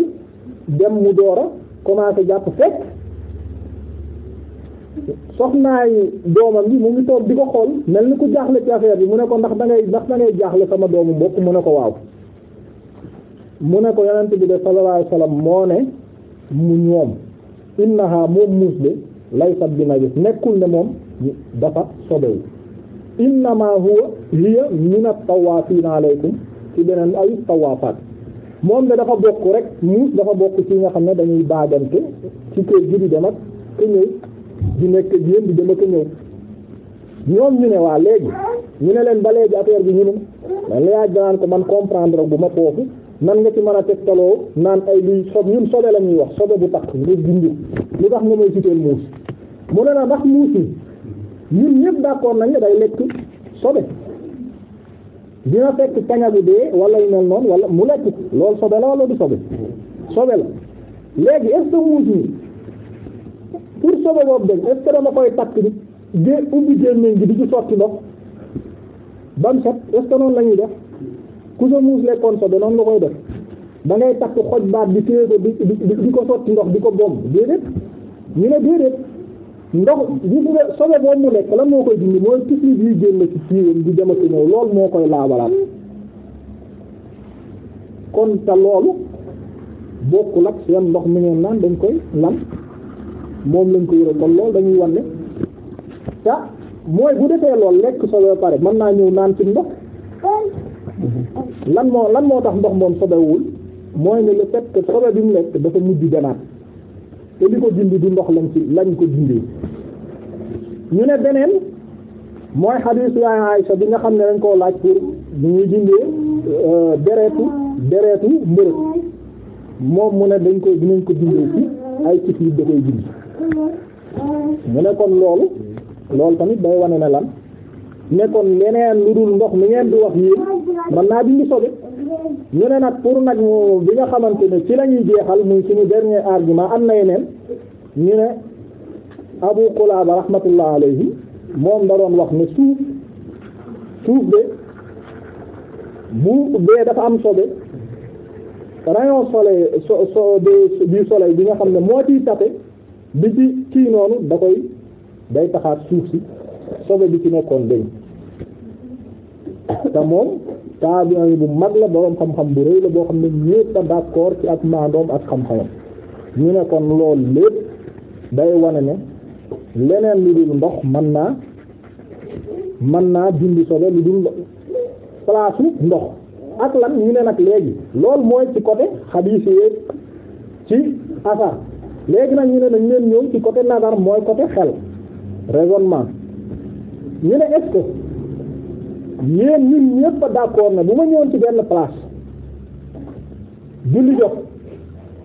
dem mu door a commencé jàpp fekk soxnaay doomam bi mu ngi toog di ko xool mel ni ku jaaxle ci affaire bi mu ne ko ndax da ngay ndax da jaaxle sama doomu mbokk mu ne ko waaw mu ne ko yonent bi de sallallahu alayhi moo ne mu ñoom innaha moom muus de laysat bi najis nekkul ne moom dafa sobewu innama huwa hiya min at-tawafin alaykum ci beneen ay tawaafaat moom de dafa bokk rek muus dafa bokk ci nga xam ne dañuy baagante ci kër gi di dem ak di nekk yéen di dem ak ka ñoom ñu ne waa léegi ñu ne leen ba léegi affaire bi ñu ne man laaj danaan ko man comprendre bu ma foofu nan nga ci mën a teg tegtaloo naan ay luy sob ñun sobe la ñuy wax sobe bu takk nga dindi lu tax nga may citeel muus mu ne la ndax muus yi ñun ñëpp d'accord nañ ne day lekk sobe dina fekk kaña bi de wala yu mel wala mu lekk loolu sobe la wala du sobe sobe la léegi est-ce que muus mi pour sobe boobu dem est-ce koy takk ni dé ubbi gémmiñ di ci sotti ndox bam set est-ce que noonu la ñuy def ku sa muus lekkoon sobe noonu la koy def da ngay takk xoj baat di téye ko di di ko sotti ndox di ko bomb déedéet ñu ne déedéet ndox gis nga sobe boobu mu lekk lan moo koy dindi mooy tiflit yuy génn ci siiwam di dem ak ñëw loolu moo koy laabalaat kon te loolu bokkul ak seen ndox mi ngeen naan dañ koy lan moom lañ ko yore kon loolu dañuy wan ne te bu defee loolu lekk sobe mën naa ñëw naan ci moo lan moo tax ndox moom sobewul mooy ne le fait que sobe bi mu lekk dafa mujj danaat te li ko dindi du ndox lañ ci lañ ko dindi. ñu ne deneen mooy xadiis yaa Aysa bi nga xam ne dañ koo laaj pour ñuy dindee euh, deretu deretu mbërëg moom mu ne dañ koy dinañ ko dindee ci ay ci da koy dindi mu ne kon loolu loolu tamit day wane ne lan ne kon leneen lu dul ndox mi ngeen di wax yéen mën naa dindi sobe ñu ne nag pour nag bi nga xamante ne ci la ñuy jeexal muy suñu dernier ma am na yeneen ñu ne Abu Qulaba rahmatullah alayhi moom da doon wax ne suuf suuf de bu dee dafa am sobe rayon soleil so so du soleil bi nga xam ne moo ciy tape bi ci kii noonu da koy day taxaat suuf si sobe bi ci nekkoon dañ te moom taabiin yi bu mag la boroom xam-xam bu rëy la boo xam ne ñépp a d'accord ci ak maandoom ak xam-xamam ñu ne kon lépp day wane ne leneen lu dul ndox man naa man naa dindi sobe lu dul place ndox ak lan ngi ne nag léegi loolu mooy ci côté xadiis yi ci asar léegi nag ñu ne dañ leen ñëw ci côté nazar mooy côté xel raisonnement ñu ne est-ce que na bu ma ñëwoon ci benn place julli jot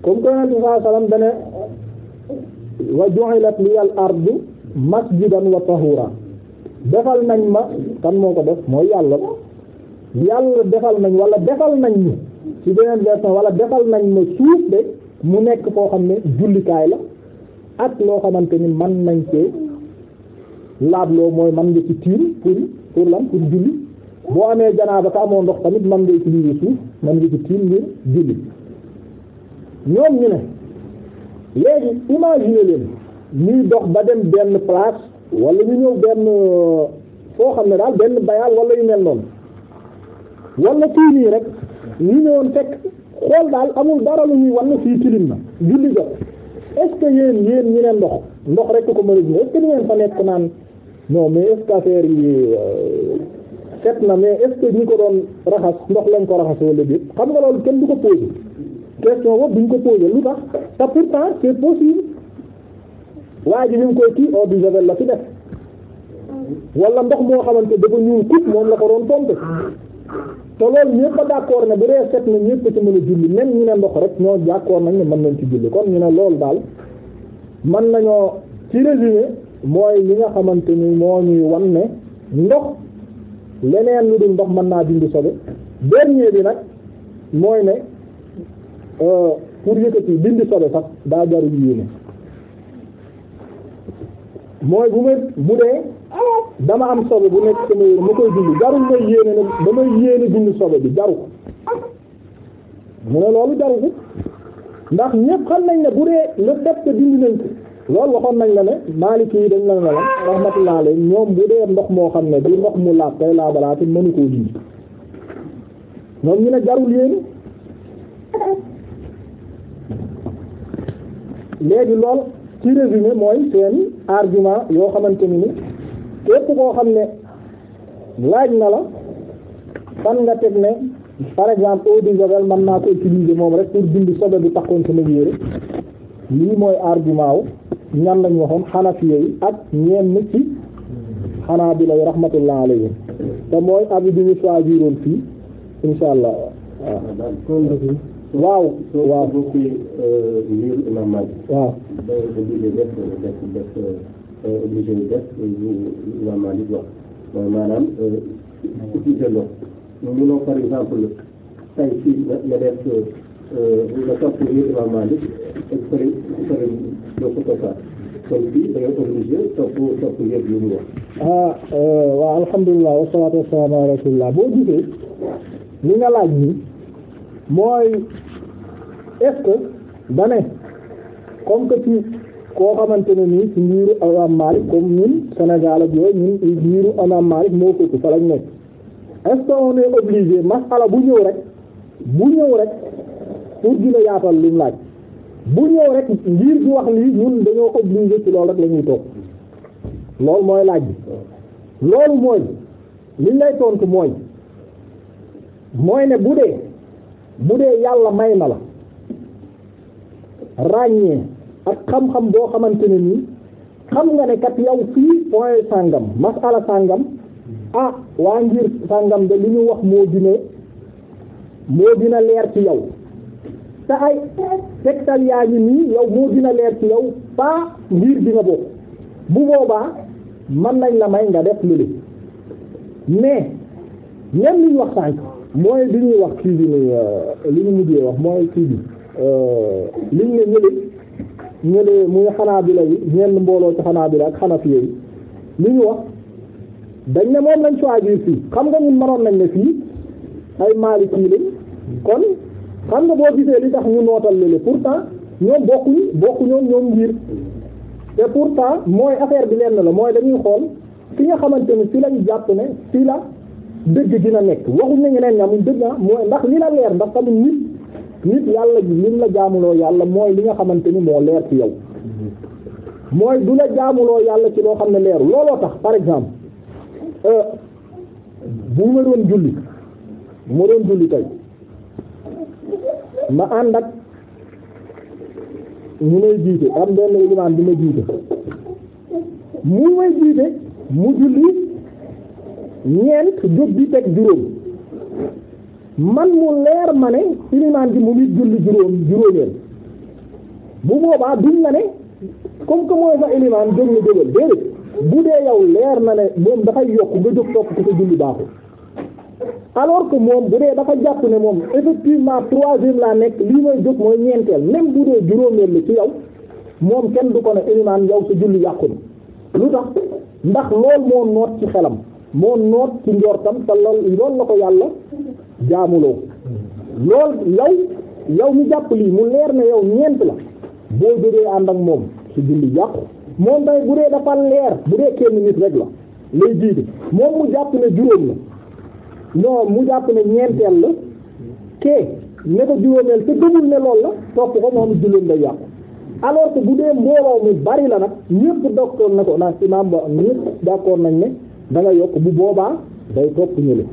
comme que Yonent bi sallallahu alayhi wasallam dane wa ju'ilat liyal ardu masjidan wa tahura defal nañ ma kan moo ko def mooy yàlla yàlla defal nañ wala defal nañ ñu beneen version wala defal nañ ma suuf de mu nekk foo xam ne jullikaay la ak loo xamante ni man nañ cee laabloo mooy man nga ci tiim pour pour lan pour julli boo amee janaaba ka amoo ndox tamit man nga utiliser suuf man nga ci tiim ngir julli ñoom ñu ne léegi imaginer leen ñuy dox ba dem benn place wala ñu ñëw benn euh, foo xam ne daal benn bayaal wala yu mel noonu wala fii nii rek ñu ñëwoon fekk xool daal amul dara lu ñuy wan fii tilim na julli jot est-ce que yéen yéen ñu ne ndox ndox rek ko mën a gis est-ce ñu fa nekk naan non mais est-ce que yi euh, set na mais est-ce que ñi ko doon raxas ndox lañ ko raxas wala déet xam nga loolu kenn du ko posé. question boobu duñ ko posé lu tax te pourtant c'est possible waa ji ñu ngi koy kii eau de javel la fi def wala ndox moo xamante dafa ñuul kub moom la ko doon pompe te loolu ñëpp a d'accord ne bu dee set na ñëpp ci mën a julli même ñu ne ndox rek ñoo d'accord nañ ne mën nañ ci julli kon ñu ne loolu daal man nañoo ci résumé mooy li nga xamante ni moo ñuy wan ne ndox leneen lu dul ndox mën naa dindi sobe dernier bi nag mooy ne Euh, pour yëkkati dindi sobe sax daa jarul yéene mooy bu ma bu dee dama am sobe bu nekk sama yére ma koy dindi jarul may yéene dindi sobe bi jaru mu ne loolu jaru ko ndax ñëpp xam nañ ne bu dee le fait que dindi nañ ko loolu waxoon nañ la ne maaliki yi dañ la ne la rahmatullah alayhi ñoom bu dee ndox moo xam ne du ndox mu laab tay laabalaati mënu koo dindi ñoom ñu ne jarul yéene léegi lool ci résumé mooy seen argument yoo xamante ni ni képp koo xam ne laaj na la fan nga teg ne par exemple eau di javel man naa ko utiliser moom rek pour dindi sobe bi taxoon sama yére lii mooy argument wu ñan lañ waxoon xanafiya yi ak ñenn ci xanaabila yi rahmatullah alayhim te mooy abi bi ñu choisiroon fii insha allah waaw waaw waaw bokk ñu
euh, imam Malik waaw obligé def def def euh, obligé yu def ñu euh, imam Malik wax mooy maanaam utilisé munoo par exemple tey fii nga def nga topp ñu imam Malik pare pare doo ko toppaat kon fii da ngay obligé topp topp yëpp lu mu wax
ah waaw alhamdulilah wasalaatu wasalaamu ala rasulillah boo gisee li nga laaj nii mooy est-ce que da ci koo xamante ne nii ci ngiru Imam Malik comme ñun Sénégal ak yooyu ñun Malik moo ko ci fa lañ nekk est-ce masala bu ñëw rek bu ñëw rek pour dina yaatal li mu laaj bu ñëw rek ngir bi wax lii ñun dañoo obligé ci loolu rek la ñuy toog loolu mooy laaj bi loolu mooy liñ lay tontu mooy mooy ne bu dee bu dee yàlla may na la ràññee ak xam-xam boo xamante ne nii xam nga ne kat yow fii point sàngam masala sàngam ah waa ngir sàngam de li ñu wax moo dina moo dina leer ci yow te ay tegtal yaa ngi nii yow moo dina leer ci yow pas ngir bi nga bokk bu boobaa mën nañ la may nga def lu mais ñenn ñu wax sànk mooy bi ñuy wax kii bi ni euh, li ñu mujjee wax mooy kii bi euh, liñ ne ñële ñële muy xanaabila yi ñenn mbooloo ci xanaabila ak xanafiya yi li ñu wax dañ ne moom lañ choisir fii xam nga ñun mënoon nañ ne fii ay maliki lañ kon xam nga boo gisee li tax ñu nootal lële pourtant ñoom bokkuñu bokkuñoon ñoom ngir te pourtant mooy affaire bi lenn la mooy dañuy xool fi nga xamante ni fi lañ jàpp ne fi la dëgg dina nekk waxuñ ne ñeneen ña amuñ dëgg ah mooy ndax li la leer ndax tamit nit nit yàlla ji lim la jaamuloo yàlla mooy li nga xamante ni moo leer ci yow mooy du la jaamuloo yàlla ci loo xam ne leer looloo tax par exemple euh, bu ma doon julli ma doon julli tey ma ànd ak ñu may jiite am mu may jiite mu julli ñeent jóg bi teg juróom man mu leer ma ne ilimaan bi mu ngi julli juróom juróomeel bu boobaa duñ na ne comme que mooy sa ilimaan jóg na jógal déedéet bu dee yow leer na ne moom dafay yokk nga jóg topp ko sa julli baaxul alors que moom bu dee dafa jàpp ne moom effectivement troisième laa nekk lii may jóg mooy ñeenteel même bu dee juróomeel la ci yow moom kenn du ko ne ilimaan yow sa julli yàqu lu tax ndax lool moo noot ci xelam moo noot ci njortam te lool lool la ko yàlla jaamuloo lool yow yow mu jàpp lii mu leer na yow ñeent la boo jógee ànd ak moom su julli jàpp moom day bu dee dafa leer bu dee kenn nit rek la lay jiite moom mu jàpp na juróom la non mu jàpp na ñeenteel la kee ne ko juróomeel te gëmul ne lool la topp ko moom julleem day yàqu alors que bu dee mbooloo mu bari la nag ñépp d'accord na ko ndax imaam ba ñépp d'accord nañ ne da nga yokk bu boobaa day topp ñële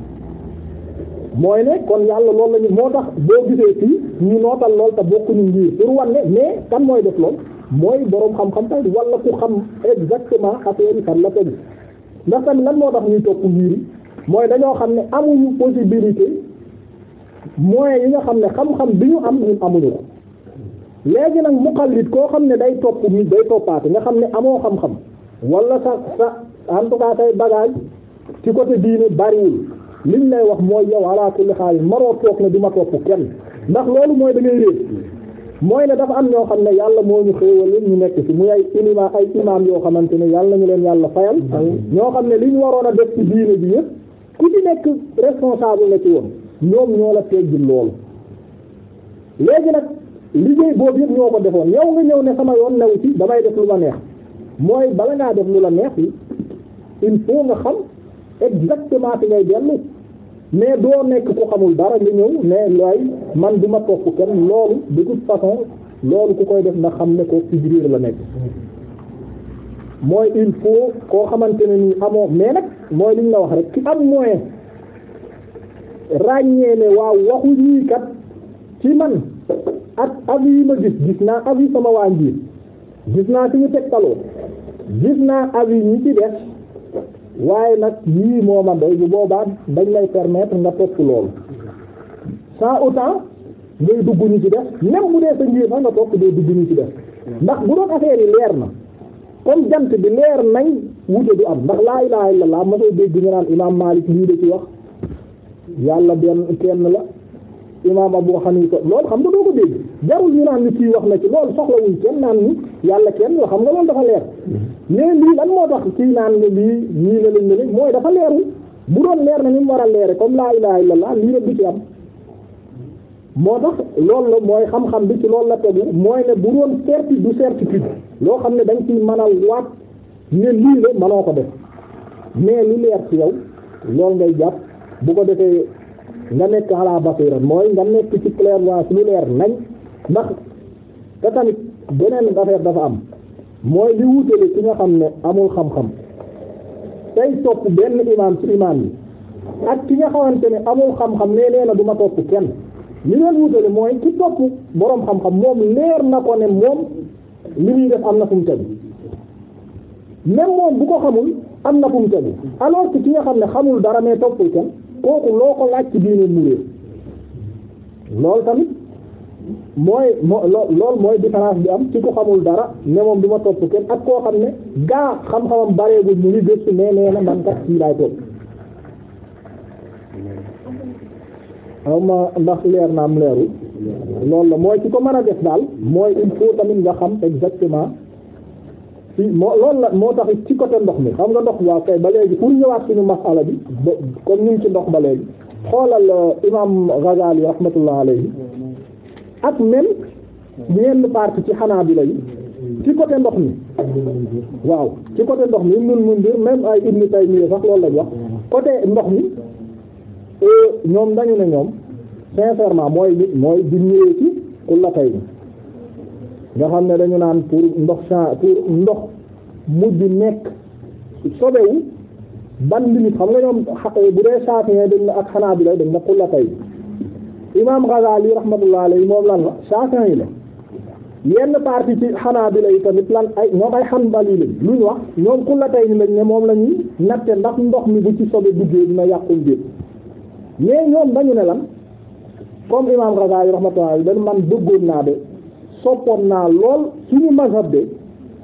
mooy ne kon yàlla loolu lañu moo tax boo gisee fii ñu nootal lool te bokkuñu ngir pour wan ne mais kan mooy def lool mooy boroom xam-xam tamit wala ku xam exactement affaire yi fan moo tax ñuy topp mooy dañoo xam ne amuñu possibilité moyens yi nga xam ne xam bi ñu am amuñu ko léegi nag muqallid koo xam ne day topp mi day toppaate nga xam ne amoo xam sa sa en tout cas say bagage ci côté diine bariwul liñ lay wax mooy yow ala kulli xaalis maroo toog na du ma topp kenn ndax loolu mooy da ngay réer mooy ne dafa am ñoo xam ne yàlla moo ñu xéewal mu nekk ci muy ay imaam ay imaam yoo xamante ne yàlla ñu leen yàlla fayal ñoo xam ne li ñu waroon a def ci diine bi yëpp ku di nekk responsable la ci woon ñoom ñoo la teggil loolu léegi nag liggéey boobu yëpp ñoo ko defoon yow nga ñëw ne sama yoon new ci damay def lu neex mooy bala ngaa def lu la neex yi il faut nga xam exactement fi ngay dellu mais doo nekk ku xamul dara nga ñëw mais looy man du ma topp kenn loolu de toute façon loolu ku koy def nga xam ne ko ci la nekk mooy il koo xamante ne nii amoo mais nag mooy liñ la wax rek ci am moyen ràññee ne waaw waxu ñii kat ci man ak avis yi ma gis gis naa avis sama waa njiit gis naa suñu tegtaloo gis naa avis ñi ci def waaye nag yii mooma doy bu boobaa dañ lay permettre nga topp loolu sans autant ngay dugg ñu ci def même bu dee sa njéem a nga topp dee dugg ñu ci def ndax bu doon affaire yi leer na comme jant bi leer nañ wute du am ndax laa ilaha illallah ma koy dégg ñu naan imaam Maalik lii de ci wax yàlla benn kenn la imaam Abu Hanifa loolu xam nga doo ko dégg jarul ñu naan ni kii wax na ci loolu soxlawuñ kenn naan ni yàlla kenn xam nga loolu dafa leer mais lii lan moo tax kii naan ne lii ñii ne lañ mooy dafa leerul bu doon leer na ni mu war a leere comme laa ilaha illallah lii rek du ci am moo tax loolu la mooy xam-xam bi ci lool la tegu mooy ne bu doon certitude du certitude loo xam ne dañ ci man a waat ne lii la ko def mais lu leer ci yow loolu ngay jàpp bu ko defee nga nekk ala basira mooy nga nekk ci clairvoyance lu leer nañ ndax te tamit beneen affaire dafa am mooy li wutale ki nga xam ne amul xam-xam tey topp benn imaam ci imaam yi ak ki nga xamante ne amul xam-xam nee nee na du ma topp kenn li leen wutale mooy ki topp boroom xam-xam moom leer na ko ne moom li muy def am na fu mu tegu même moom bu ko xamul am na fu mu tegu alors ki nga xam ne xamul dara mais toppul kenn kooku loo ko laaj ci diine mu réer loolu tamit mooy moo loolu mooy différence bi am ci ko xamul dara ne moom topp kenn ak koo xam ne gaa xam-xamam bareegul mu ngi gëstu ne nee na man kat kii laay topp xaw ndax leer na am leerul loolu la mooy ci ko mën a def daal mooy il faut tamit nga xam exactement moo loolu la moo tax ci côté ndox mi xam nga ndox waa kay ba léegi pour ñëwaat suñu masala bi kon comme ci ndox ba léegi xoolal euh, imam Ghazali rahmatullah alayhi ak même yenn parti ci Hanabila yi ci côté ndox mi waaw ci côté ndox mi mun mun dir même ay Ibn Taymiyya sax loolu lañ wax côté ndox mi euh, ñoom dañu ne ñoom sincèrement mooy mooy di ñëwee ci ku xam ne dañu naan pour ndox champ pour ndox mujj nekk sobewu ban limite xam nga ñoom bu dee Shafi'i dañ na ak Hanabila dañ na ku la tey imaam Ghazali rahmatullah alayhi moom lan la Shafi'i la yenn parti ci Hanabila yi tamit lan ay ñoom ay Hanbali lañ lu wax ñoom xullatay ni lañ ne moom la natte ndax ndox mi bu ci sobe duggee dina yàqul déet mais ñoom dañu ne lan comme imaam Ghazali rahmatullah alayhi dañ man bëggoon naa de soppoon naa lool suñu mazhab de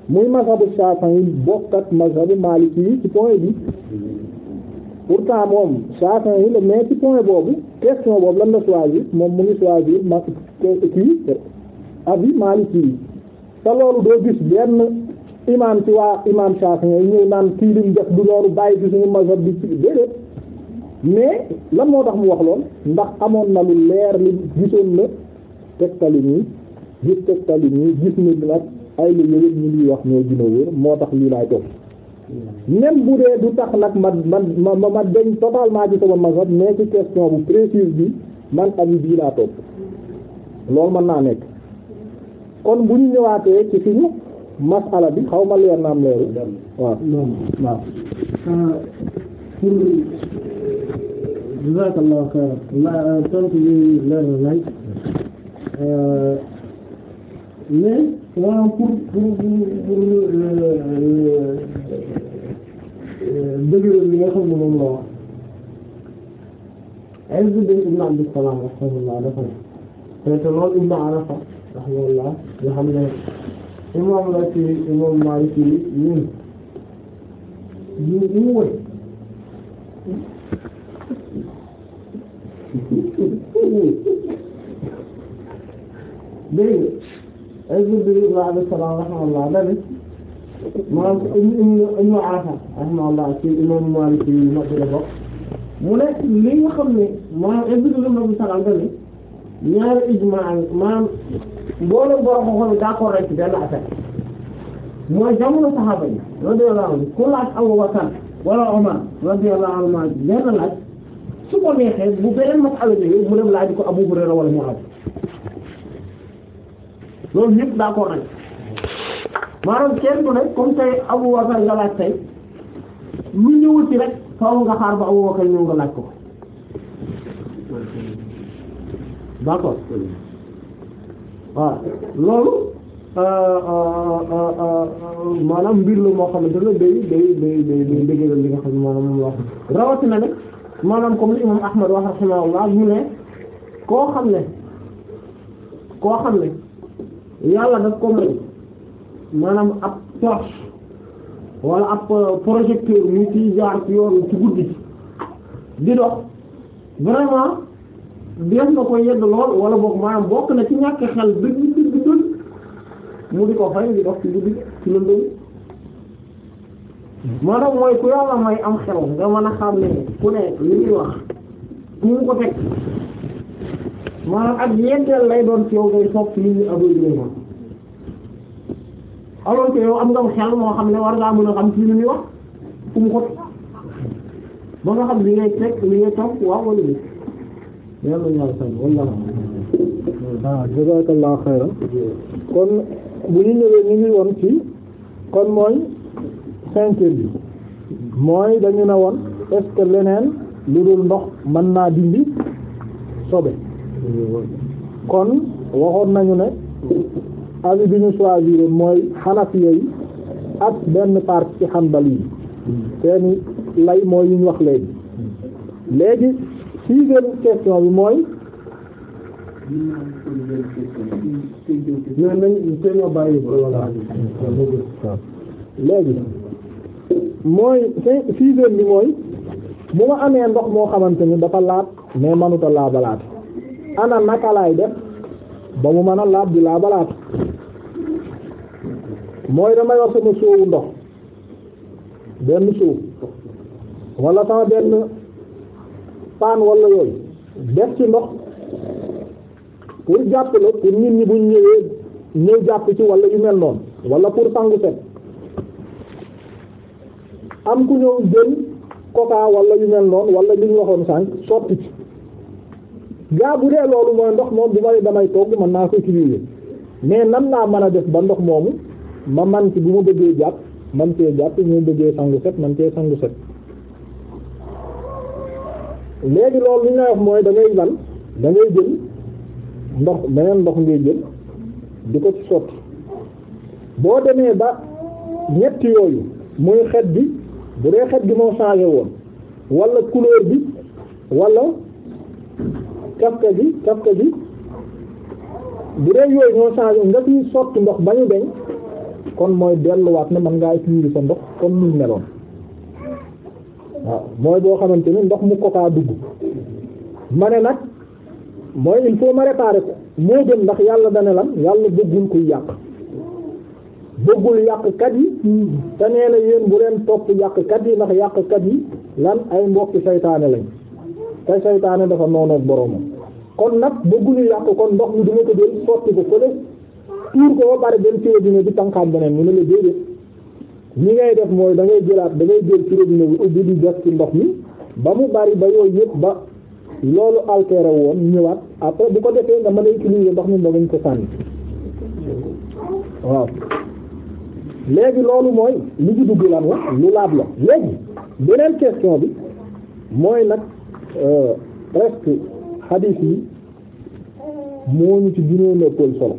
muy mazhabu Shafi'i bokk ak mazhabu Maliki yi ci point bi pourtant moom chafin yi la mais ci point boobu question boobu lan la choisir moom mu ngi choisir ma kii avis Maliki yi te loolu doo gis benn imam ci waa imam chafin yi ñëw naan kii liñ def du loolu bàyyi ci suñu mazhab bi ci mais lan moo tax mu wax lool ndax amoon na lu leer li gisoon na tegtali nii gis tegtali nii gis ni nag ay lu yëwét ñu liy wax ñoo gën a wóor moo tax lii laay même bu dee du tax nag ma ma ma ma deñ totalement ci sama mazhab mais ci question bu précise bi man avis bii laa topp loolu mën naa nekk kon bu ñu ñëwaatee ci suñu masala bi xaw ma leer naam leeru waaw waaw euh, pour jazakallahu xayran
euh, tontu bi mais maanaam pour pour pour dëgëral li nga xam ne moom la wax Izzuddin ibn Abdus Salaam rahimahullah dafa ne te loolu Ibn Arafa rahimahullah nga xam ne imam la ci imam Maliki ñun ñu az-Zuhri ibn Abi Salam rahimahullah dani maanaam Ibn Asa rahimahullah ci imam Maliki yi mag bi la bokk mu ne li nga xam ne maanaam az-Zuhri ibn Abi Salam dani ñaari ijmaa maanaam mboolem borom xam-xam d'accord rek ci benn affaire mooy jamono saxaaba yi radiyallahu anhu ku laaj Abu Bakar wala Umar radiyallahu anhu benn laaj su ko neexee bu beneen
masala ñëwee mu dem laaj ko Abu Hurayra wala Mu'adh loolu ñëpp d'accord nañ maanaam kenn du ne comme tey Abu Bakar nga laaj tey lu ñëwul ci rek faaw nga xaar ba Abu Bakar ñëw nga laaj ko
d'accord waaw loolu euh, euh, euh, maanaam mbir la moo xamante ne day day day day day dëgëral li nga xam ne maanaam moom wax
rawatina nag maanaam comme li imam Ahmad wax rahimahullah mu ne koo xam ne koo xam ne yàlla daf ko may maanaam ab torche wala ab euh, projecteur mu ciy jaar ci yoon ci guddi di dox vraiment def na ko yedd lool wala boog ma bokk na ci ñàkk xel dëgg dëgg dëgg mu di ko fay di dox ci guddi ci lëndëm maanaam mooy ku yàlla may am xel nga mën a xam ne wax maanaam ak ñeenteel lay doon ci yow ngay sopp nit ñi aveuglément alors que yow am nga xel moo xam ne war ngaa mën a xam ci li muy wax fu mu xot ba nga xam li ngay teg li ngay topp waaw wala bi
yàlla ñaar sax wala waaw ah, jazakallah xayra kon
bu ñu ñëwee ñu ngi woon ci kon mooy cinquième bi mooy dañu ne woon est-ce que leneen lu dul ndox mën naa dindi sobe kon waxoon nañu ne avis bi ñu choisir mooy xanafiya yi ak benn partie ci xanbali yi seeni lay mooy yu ñu wax léegi léegi sixième question bi mooy léegi mooy sixième bi mooy bu ma amee ndox moo xamante ni dafa laat mais manuta laabalaate ana naka laay def ba mu mën a laab di laabalaat mooy damay war sama soowu ndox benn soow wala sama benn paan wala yooyu def ci ndox pour jàppale pour nit ñi buñ ñëwee ñëw jàpp ci walla yu mel noonu wala pour sangu set am ku ñëw jël coca wala yu mel noonu wala li ñu waxoon sànq sotti ci gaa bu dee loolu mooy ndox moom bu may damay togg man naa koy utiliser mais nan naa mën a def ba ndox moomu ma man bu ma bëggee jàpp man cee jàpp bu ma bëggee sangu set man cee sangu set léegi loolu li ñu wax mooy dangay ngay dangay da jël ndox beneen ndox ngay jël di ko ci sotti boo demee ba ñett yooyu muy xet bi bu dee xet bi moo changé woon wala couleur bi wala cafka gi cafka gi bu dee yooyu ñoo changé nga ciy sotti ndox ba ñu deñ kon mooy delluwaat na mën ngaa utiliser sa ndox comme ni mu meloon waaw mooy boo xamante ni ndox mu kokaa dugg mane ne nag mooy il faut ma réparer ko moo gën ndax yàlla dana lan yàlla bëggul kuy yàq bëggul yàqkat yi te nee na yéen bu leen topp yàqkat yi ndax kat yi lan ay mbokki saytaane lañ te saytaane dafa noonoog boromam kon nag bëgguñu yàq kon ndox mi duma ko jël sotti ko fële tuur ko ba pare dem ci robinet bi tànqaat beneen ñu ne la déedéet ñi ngay def mooy da ngay jëlaat da ngay jël ci robinet bi ubbi di def ndox mi ba mu bari ba yooyu yëpp ba loolu altéré woon ñëwaat après bu ko defee nga mën a utiliser ndox mi nga ko sànni waaw léegi loolu mooy li ci dugg lan la lu laab la léegi beneen question bi mooy nag euh, presque xadiis yi moo ñu ci gënoon a ëppal solo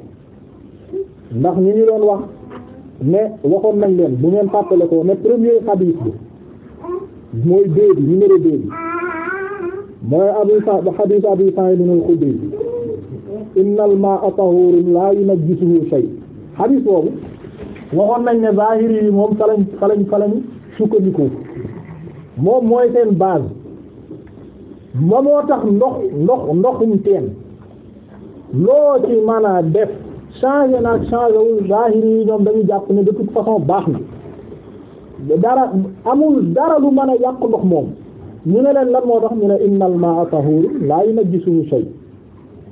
ndax ñi ñu doon wax ne waxoon nañ leen bu ngeen fàttale ko ne premier xadiis bi mooy deux bi numéro deux bi mooy abu sa xadiis abu sa'id al-xudri innal maa'a tahuurun laa yunajjisuhu shay xadiis boobu waxoon nañ ne zahiri yi moom falañ falañ falañ sukkandiku moom mooy seen base ba moo tax ndox ndox ndoxum teen loo ci mën a def changé na changé wul zahiri yi ñoom dañu jàpp ne de toute façon baax na dara amul dara lu mën a yàq ndox moom ñu ne leen lan moo tax ñu ne innal ma'a tahur laa yunajjisuhu shay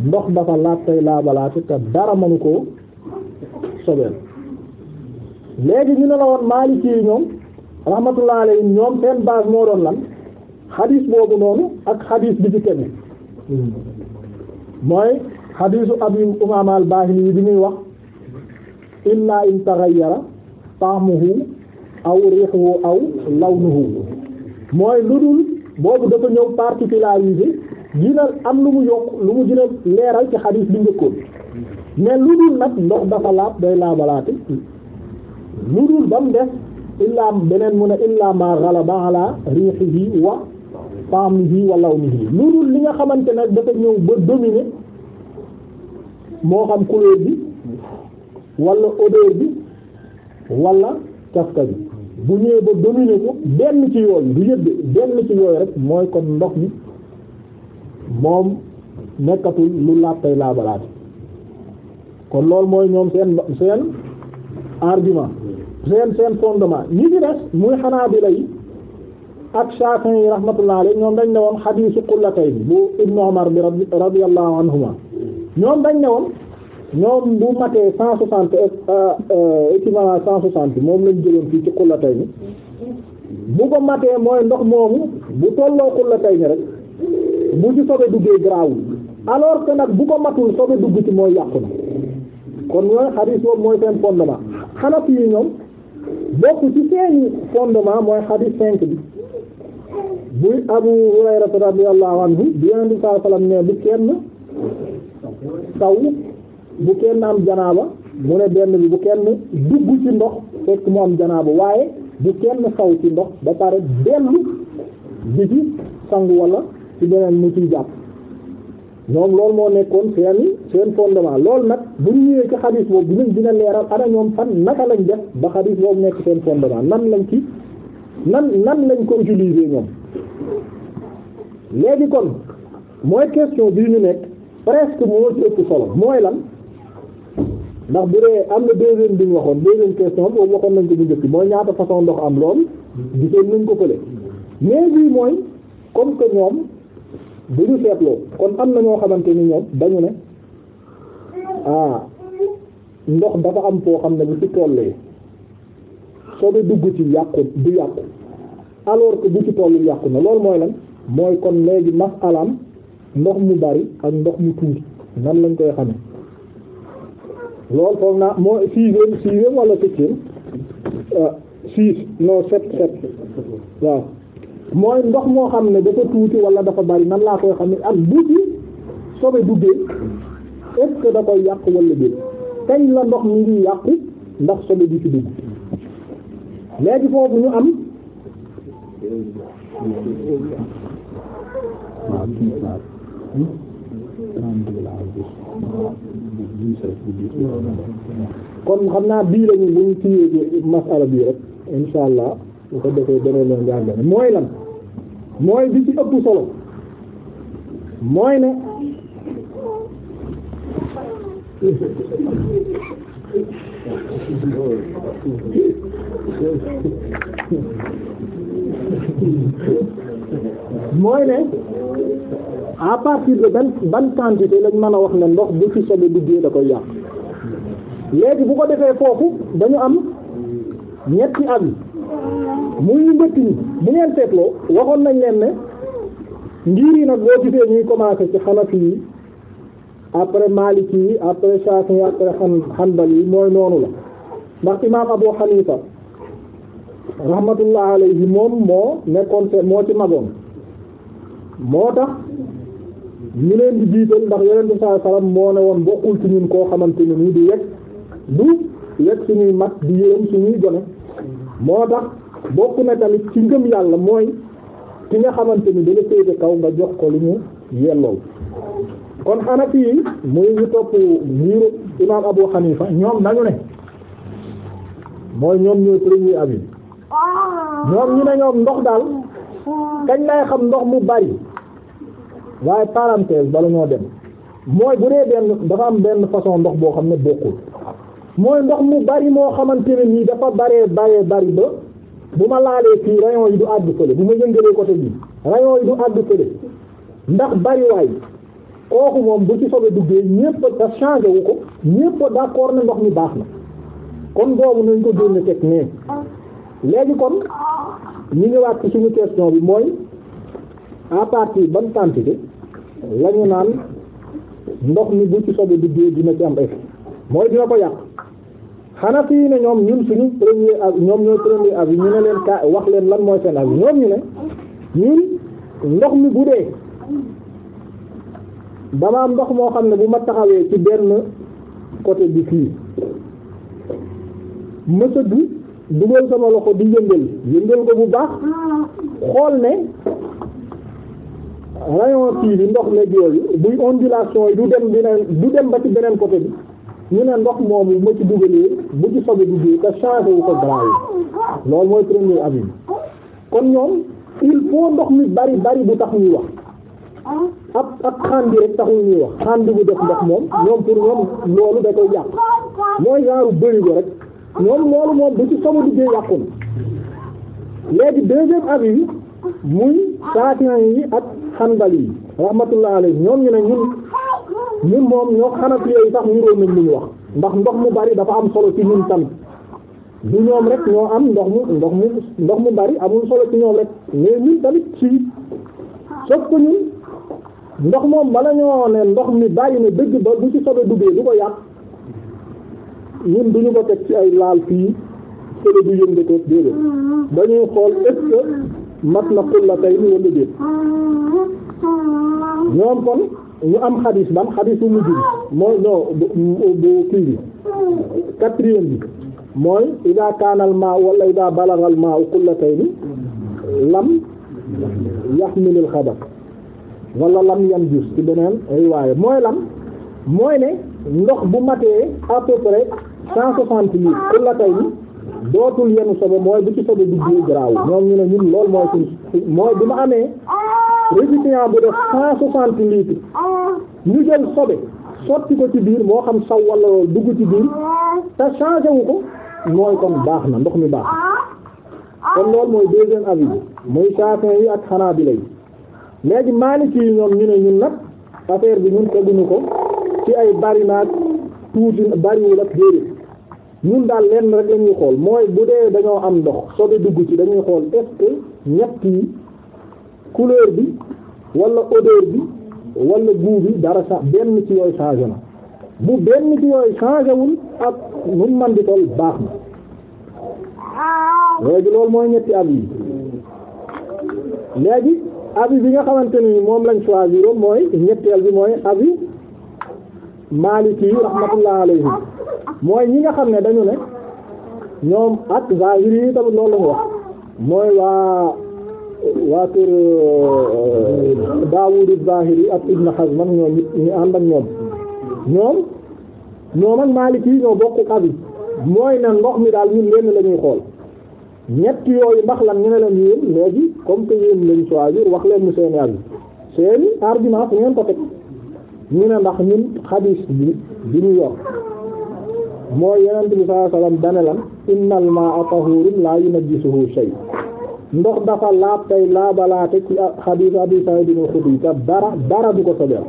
ndox dafa laaj tey laabalaate te dara mënu koo sobeel léegi ñu ne la woon Maliki yi ñoom rahmatullah alayhi ñoom seen base moo doon lan xadis boobu noonu ak xadis bi ci tegu mooy xadisu abi umaama al baahili yi bi muy wax illa in taghayyara ta'muhu aw rihuhu aw lawnuhu mooy lu dul boobu dafa ñëw particularisé dina am lu mu yokk lu mu dina leeral ci xadis bi njëkkoon mais lu dul nag ndox dafa laab day laabalaate lu dul ba mu def illaa beneen mu ne illaa ma ghalaba ala rihihi wa ta'mihi wa lawnihi lu dul li nga xamante ne dafa ñëw ba dominer moo xam couleur bi walla odeur bi walla cafka bi bu ñëwee ba dominer ko benn ci yooyu du yëdde benn ci yooyu rek mooy kon ndox mi moom nekkatul lu laabtay laabalaate kon loolu mooy ñoom seen seen argument seen seen fondement ñi ci des muy xanaa bi lay ak Shafi'i rahmatullah alayhi ñoom dañ ne woon xadiisu qullatayn bu Ibnu Umar bi radiyallahu anhuma ñoom dañ ne woon ñoom bu matee cent soixante euh, euh, équivalent cent soixante moom lañ jëloon fii ci qullatayn bu ko matee mooy ndox moomu bu tolloo qullatayn rek bu ci sobe duggee garaawul alors que nag bu ko matul sobe dugg ci mooy yàqu na kon mooy xadiis boobu mooy seen fondement xanaf yi ñoom bokk ci seeni fondement mooy xadiis cinq bi buy Abu Hurayra radiyallahu anhu bi Yonent bi sallallahu alayhi wa sallam ne bu kenn taw bu kenn am janaaba mu ne benn bi bu kenn dugg ci ndox fekk mu am janaaba waaye bu kenn saw ci ndox ba pare dellu di ci sangu wala ci beneen mu ciy jàpp ñoom loolu moo nekkoon seeni seen fondement loolu nag bu ñu ñëwee ci xadis boobu dinañ dina leeral ana ñoom fan naka lañ def ba xadis boobu nekk seen fondement nan lañ ci nan nan lañ ko utiliser ñoom léegi kon mooy question bi ñu nekk presque moo ci ëpp solo mooy lan ndax bu dee am na deuxième bi ñu waxoon deuxième question boobu waxoon nañ ko ñu jëkk mooy ñaata façon ndox am lool gisoon nañ ko fële mais bii mooy comme que ñoom bu ñu seetloo kon am na ñoo xamante ni ñoom dañu ne ah ndox dafa am foo xam ne bu ci tollee soo dugg ci yàqu du yàqu alors que bu ci tollu yàqu na loolu mooy lan. mooy kon léegi masalaam ndox mu bari ak ndox mu tuuti nan lañ koy xame loolu foog naa mooy sixième sixième wala septième ah, six non sept waaw mooy ndox moo xam ne dafa tuuti wala dafa bari nan laa koy xam ne ak bu ci sobe duggee est-ce da koy yàq wala déet kañ la ndox mi ngi yàqu ndax sobe bi ci dugg léegi foofu ñu am waaw kii
saar alhamdulillah
kon xam naa di lañu bu ñu ci masala bii rek insha allah bu ko defee beneen la njàngale mooy lan mooy bi ci ëpp solo
mooy ne
à partir de ban ban quantité lañ mën a wax ne ndox bu fi sobe duggee da koy yàq léegi bu ko defee foofu dañu am ñetti ab yi muy ñu mbëtt ñi bu ngeen seetloo waxoon nañ leen ne ngir yi nag boo gisee ñuy commencé ci Hanafi yi après Maliki yi après Shafi'i yi après xan xanbal yi mooy noonu la ndax imaam Abu Hanifa rahmatullah alayhi moom moo nekkoon te moo ci magoon moo tax ñu leen di jiital ndax yonent bi saa salaam moo ne woon bokkul ci ñun koo xamante ne nii di yegg du yegg suñuy mag di yërëm suñuy gone moo tax bokk na tamit ci ngëm yàlla mooy ki nga xamante ni dala féete kaw nga jox ko li mu yellool kon xanafi yi muy ñu topp niiru imaam Abu Hanifa ñoom nañu ne mooy ñoom ñooy premier avis
ñoom ñu ne ñoom ndox daal
kañ lay xam ndox mu bari waaye parenthèse bala ñoo dem mooy bu dee benn dafa am benn façon ndox boo xam ne bokkul mooy ndox mu bari moo xamante ne nii dafa baree baree bari ba bu ma laalee fii rayon yi du àgg fële bu ma yëngalee côté bi rayon yi du àgg fële ndax bariwaay kooku moom bu ci soobee duggee ñépp a changé wu ko ñépp d'accord na ndox mi baax na kon boobu nañ ko génne teg nee léegi kon ñu ngi ci suñu question bi mooy à partir ban quantité la ñu naan ndox mi bu ci sobe duggee dina ci am effet mooy dina ko yàq xanaa fii ne ñoom ñun suñu premier avis ñoom ñooy premier avis ñu ne leen ka wax leen lan mooy seen avis ñoom ñu ne ñun ndox mi bu dee dama am ndox moo xam ne bu ma taxawee ci benn côté bi fii mësadu dugal sama loxo di yëngal yëngal ko bu baax xool ne rayon tii bi ndox la yooyu buy ondulation yi du dem dina du dem ba ci beneen côté bi ñu ne ndox moomu ma ci dugalee bu ci sobi duggee te changé wu ko bras yi loolu mooy premier avis kon ñoom il faut ndox mi bari bari bu tax ñuy wax ab ab xandi rek taxul ñuy wax xandi bu def ndox moom ñoom pour ñoom loolu da koy jàpp mooy genre bëri ko rek moom loolu moom bu ci sama duggee yàqu na léegi deuxième avis muy saatiyan yi ak xanbali yi rahmatullah alayhi ñoom ñu ne ñun ñun moom ñoo xanafi yi sax ñu nañ luñu wax ndax ndox mu bari dafa am solo ci ñun tamit du ñoom rek ñoo am ndox mu ndox mu ndox mu bari amul solo ci ñoom rek mais ñun tamit ci sauf que ñun ndox moom bala ñoo ne ndox mi bari na dëgg ba bu ci sobe duggee du ko yàq ñun du ñu ko teg ci ay laal fii fële du yëngatoo déedéet dañuy xool est mat na xulla ni wala déet ñoom kon ñu am xadis ban xadis bu mujj bi mooy non bu kii bi mooy ida kaanal maa wala ida balagal maa qullatayni lam lam yan jus ci lam mooy ne ndox bu matee à peu cent soixante mille ku la tey dootul yenu sobe mooy bu ci sobe duggee garaaw ñoom ñu ne ñun lool mooy suñ mooy bi ma amee récipient bu def cent soixante litres ñu jël sobe sotti ko ci biir moo xam saw wala loolu dugg ci biir te changé ko mooy kon baax na ndox mi baax kon loolu mooy deuxième avis bi muy saafin yi ak xanaa bi lay léegi Maliki yi ñoom ñu ne ñun nag affaire bi ñun teguñu ko ci ay bari naag tuuti bariwul ak déedéet ñun daal lenn rek la xool mooy bu dee dañoo am ndox sobe dugg ci dañuy xool est-ce ñett yi couleur bi wala odeur bi wala goût bi dara sax benn ci yooyu changé na bu benn ci yooyu changé wul ak nu man di tol baax na léegi loolu mooy ñetti ab yi léegi abi bi nga xamante ni moom lañ choisir mooy ñetteel bi mooy abi Maliki yi rahmatullah alayhi mooy ñi nga xam ne dañu ne ñoom ak zahiri yi tamit loolu lañu wax mooy waa waa kër euh, Daawud az-Zahiri ak Ibn Hazm ak ñoom ñu ànd ak ñoom ñoom ñoom ak Maliki yi ñoo bokk yi mooy na ndox mi daal ñun lenn la ñuy xool ñett yooyu ndax lan ñu ne leen yéen léegi comme que yéen lañ choisir wax leen ñu seeni abi seeni argument fu ngeen ko teg ñu ne ndax ñun xadis bi bi ñu yor mooy yonent bi sallallahu alayhi wasallam dane lan innal ma'a tahurun la yunajjisuhu shay ndox dafa laab tey laabalaate ci xadis abi Sa'iid al-Xudri te dara dara du ko sobeel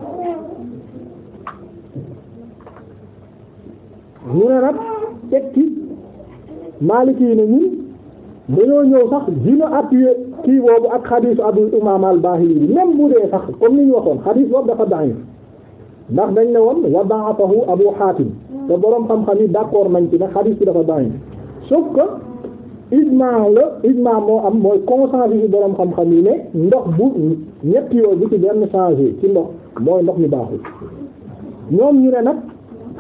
ñu ne nag tekki Maliki yi ne ñun dañoo ñëw sax dina appuyé kii boobu ak xadisu Abu Umaama al-Baahili bu dee sax comme ni waxoon xadis boobu dafa dañu ndax dañ ne woon wa Abu Hatim te borom xam-xam yi d'accord nañ ci ne xadiis bi dafa da'if sauf que ijmaa la ijmaa moo am mooy consensus yi borom xam-xam yi ne ndox bu ñetti yooyu bu ci benn changé ci ndox mooy ndox mi baaxul ñoom ñu ne nag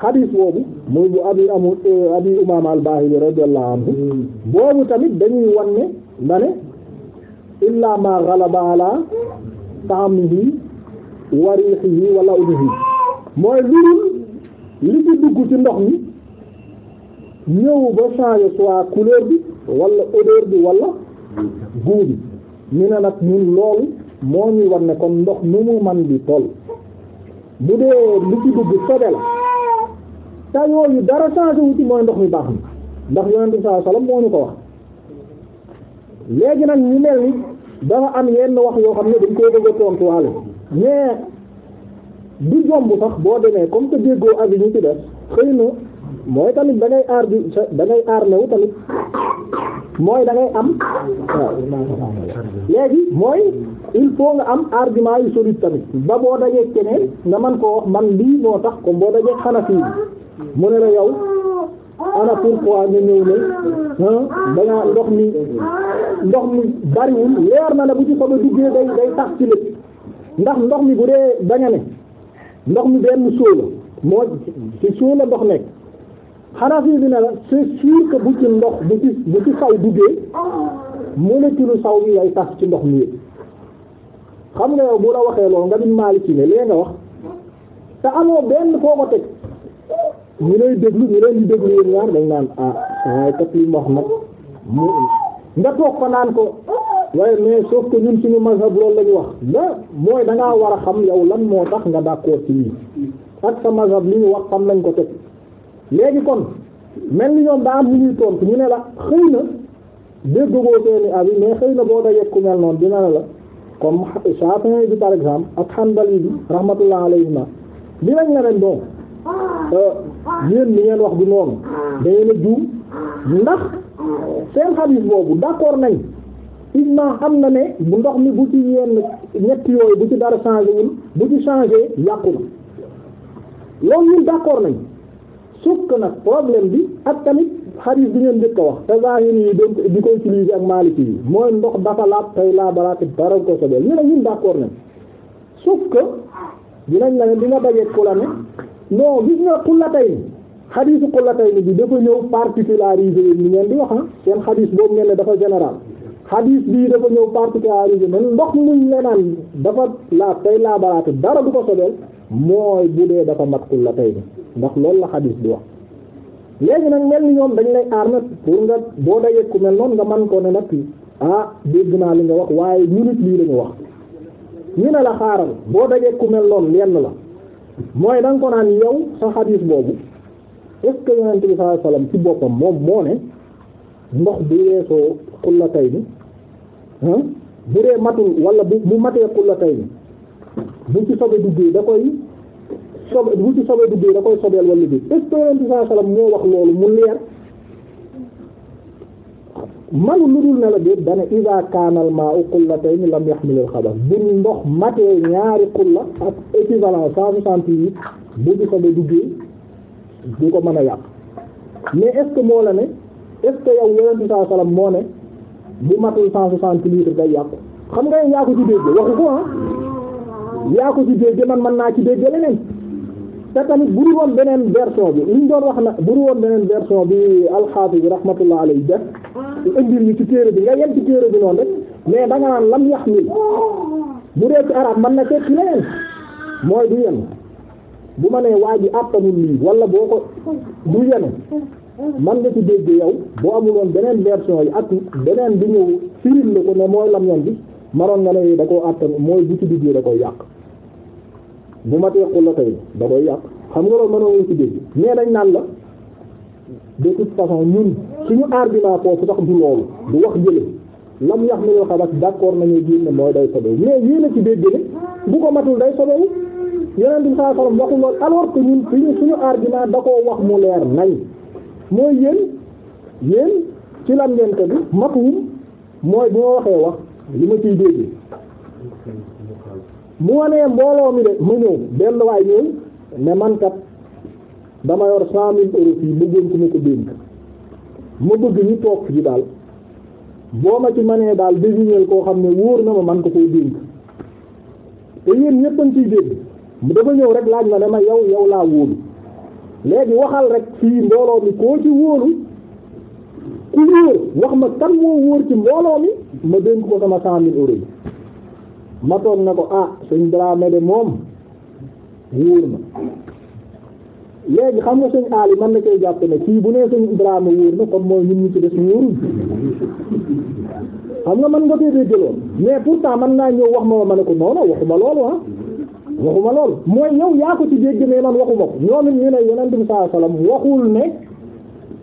xadiis boobu muy bu abi amu abi Umaama al-Baahili radiyallahu anhu boobu tamit dañuy wan ne na ne ma ghalaba ala ta'mihi wa riihihi wala udhihi mooy lurul li ci dugg ci ndox mi ñëw ba changer soit couleur bi walla odeur bi wala goût bi ñu ne nag ñun loolu moo ñuy war ne kon ndox nu mu man bi toll bu dee li ci dugg sobe la te yooyu dara changé wu ci mooy ndox mi baax na ndax yonent bi saa salaam moo ñu ko wax léegi nag ñu mel ni dafa am yenn wax yoo xam ne dañ koy bëgg a tontuwaale mais du jomb sax boo demee comme que déggoo ak yi ñu ci def xëy na mooy tamit da aar bi da ngay aar newu tamit mooy da am waaw léegi mooy il faut nga am argument yu solide tamit ba boo dajee keneen nga man koo wax man lii moo tax ko boo dajee xanafi mu ne la yow ana pourquoi nga ñëw ne da nga ndox mi ndox mi bariwul leer na la bu ci sobe duggee day day tax ci lépp ndax ndox mi bu dee ndox mi benn sóo la moo ci sóo ndox nekk xanaa fii bi ne la c'est sûr que bu ci ndox bu ci bu mu saw duggee molécule saw mi lay tas ci ndox mi yëpp xam nga yow bu la waxee loolu nga di Maliki ne lee nga wax te amoo benn foo ko teg ñu lay déglu ñu leen di déglu yéen ñaar dañ naan ah waaye kat li nag mu nga toog fa naan ko waaye mais sauf nu si suñu mazhab loolu la ñu wax da mooy da war a xam yow lan moo tax nga d'accord ci lii ak sa mazhab li ñu wax xam nañ ko teg léegi kon mel ni ñoom daa am lu ñuy tontu ñu ne la xëy na déggoo seeni abi mais xëy na boo dajee ku mel noonu dina la comme Shafi'i bi par exemple ak Hanbali bi rahmatullah alayhima dinañ la ren donc euh, yéen li ngeen wax du noonu da ngeen a ndax seen xadiis boobu d'accord nañ. imma am na ne bu ndox mi bu ci yenn ñett yooyu bu ci dara changé wul bu ci changé yàqu na loolu ñun d'accord nañ sauf nag problème bi ak tamit xaris bi ngeen njëkk a wax te zahiri yi doon di ko utiliser ak maliki yi mooy ndox dafa laab tay laabalaate dara ko sobeel ñu ne ñun d'accord nañ sauf que dinañ la ne di nga ku la ne non gis nga ku la tey ni xadisu ku la tey ni bi dafa ñëw particularisé yi ñu ngeen di wax ah seen xadis boobu ngeen ne dafa général xadiis bii dafa ñëw particularisé man ndox muñ la naan dafa laab tey laabalaate dara du ko sobeel mooy bu dee dafa mat la tey ndax loolu la xadiis bi wax léegi nag mel ni ñoom dañ lay aar nag pour nga boo dajee ku mel noonu nga man ko ne nag ah dégg naa li nga wax waaye ñu nit lii lañu wax ñu ne la xaaral boo dajee ku mel noonu lenn la mooy da ko naan yow sa xadiis boobu est-ce que ci boppam moom moo ne ndox bu weesoo xullatay ni bu dee matul wala bu bu matee xullatay ni bu ci sobe duggee da koy sobe bu ci sobe duggee da koy sobeel wala bi espérance bi saa salaam moo mu leer manu ne la déet dana iza kaanal maa'u qullatayni lam bu ndox matee ñaari xulla ak équivalent cent soixante-huit bu ci sobe duggee du ko mën a yàq mais est la ne est-ce que yow yonent bi sallallahu alayhi moo ne bu matul cent soixante litres day yàqu xam nga yaa ko ci dégg waxu ko ah yaa ko ci dégg man mën naa ci dégg leneen te tamit bu dul woon beneen version bi li doon wax na bu dul woon beneen version bi alxaafis bi rahmatullah alayhi def indil ñu ci téere bi nga yem ci téere bi noonu rek mais da nga naan lam yax mil bu dee ci arab mën na tekki leneen mooy du yenu bu ma nee waa ji àttanul lii wala boo ko du yenu man nga ci dégg yow boo amuloon beneen version yi ak beneen bi ñëw firil la ko ne mooy lam yoon bi maroon nga ne da koo àttan mooy bu ci duggee da koy yàq bu ma teequl la da koy yàq xam nga loolu mënoo nga ci dégg mais naan la de toute façon ñun suñu argument foofu sax du loolu du wax jële lam yax na yoo xabat d'accord nañu génne mooy day sobewu mais yéen a ci dégg ne bu ko matul day sobewu yeneen bi saa sallam waxu loolu alors que ñun suñu suñu da koo wax mu leer nañ mooy yéen yéen ci lan ngeen tegu mafhum mooy bu ma waxee wax li ma ciy dégg bu ma nee mbooloo mi de ma ñëw benn waay ñëw ne man kat dama yor cent mille euros fii bëggoon ku ma ko dénk ma bëgg ñu toog fii daal boo ma ci mënee daal désigner koo xam ne wóor na ma man ko koy dénk te yéen ñëpp a ngi ciy dégg dafa ñëw rek laaj ma dama yow yow laa wóolu. léegi waxal rek fii mbooloo mi koo ci wóolu ku wóor wax ma kan moo wóor ci mbooloo mi ma dénk ko sama cent mille ma toog na ko ah sëñ Dramé de moom wóor na léegi xam nga sëñ Ali man na koy jàpp ne kii bu nee sëñ Dramé wóor na kon mooy ñun ñu ci des wóorul xam nga man nga koy dégg lool mais pourtant man naa ñëw wax ma ma ne ko noonu waxuma loolu ah waxuma lool mooy yow yaa ko ci dégg ne man waxuma ko ñoom it ñu ne yonent bi sallallahu waxul ne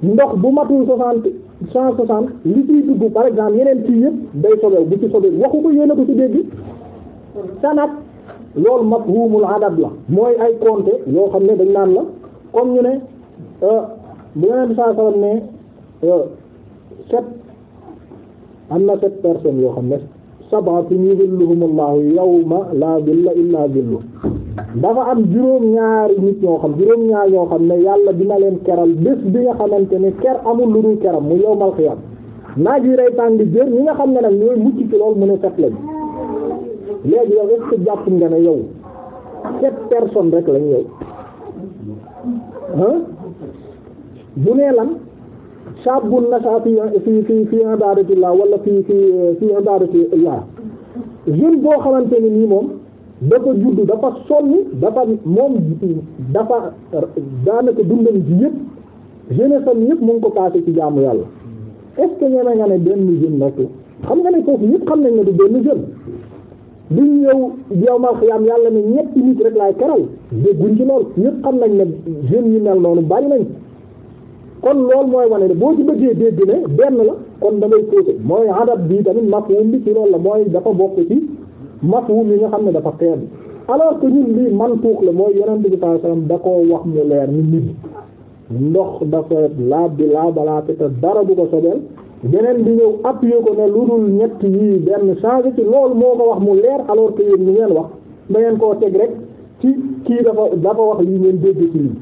ndox bu matul soixante cent soixante li ciy dugg par exemple yeneen kii yëpp day sobew bu ci sobew waxu ko yéen ko ci dégg ta loolu mafhumul adab la mooy ay compter yoo xam ne dañ naan la comme ñu ne euh, bu yonent bi sallallahu ne euh, sept am na sept personnes yoo xam ne sabatun yuzilluhum allahu yawma la zilla illa zillu dafa am juróom-ñaari nit ñoo xam juróom-ñaar ñoo xam ne yàlla dina leen keral bés bi nga xamante ne ker amul lu dul keram mu yawmal xiyaam naaj wi rey tàng jër ñi nga xam ne nag ñooy mucc ci lool mu ne set lañ léegi yow est jàpp nga ne yow sept personnes rek lañ yow ah bu nee lan shaabun nasha fi fi fi fi ibadatillah wala fi fi eh, fi ibadatillah jeune boo xamante ni nii moom dafa judd dafa sonn dafa moom dafa daanaka dundam ji yëpp jeunesse am yëpp mu ngi ko passé ci jaamu yàlla est-ce que nga ne benn jeune nekk xam nga ne foofu ñëpp xam nañ ne du benn jeune bi yow mal xiyaam yàlla ne ñetti nit rek laay keral dégguñ ci lool ñëpp xam nañ ne jeune yi mel noonu bari nañ kon loolu mooy wane ne boo ci bëggee dégg ne benn la kon damay fóote mooy adab bi tamit mafhum bi ci loolu la mooy dafa bokk ci mafhum yi nga xam ne dafa faible alors que ñun la mooy yeneen bi sallallahu alayhi wasallam da koo wax mu leer ni nit ndox dafa laab bi laabalaate te dara du ko sobeel beneen bi ñëw appuyé ko ne lu dul ñett yi benn changé ci loolu moo ko wax mu leer alors que yéen ngeen wax da koo teg rek ci kii dafa dafa wax lii ngeen dégg ci lii.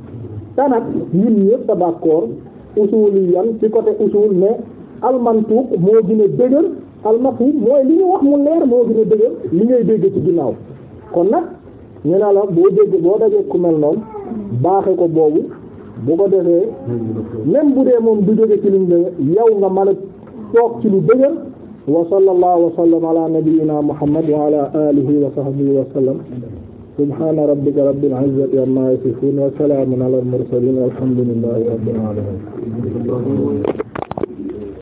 te nag ñun ñëpp d'accord usuliyan ci côté usul mais almantuq moo gën a dëgër almafhum mooy li ñu wax mu leer moo gën a li ngay dégg ci ginnaaw kon nag ñu ne la boo dégg boo dajee ku mel noonu baaxe ko boobu bu ko defee même bu dee moom du jóge ci liñ la yow nga mën a toog ci lu dëgër wa sallallahu wa sallam ala nabiyyina muhammad wa ala alihi wa sahbihi subhaana rabbika rabbil izzati amma yasifuun wa salaamun alal mursaliin walhamdulillaahi rabbil aalamiin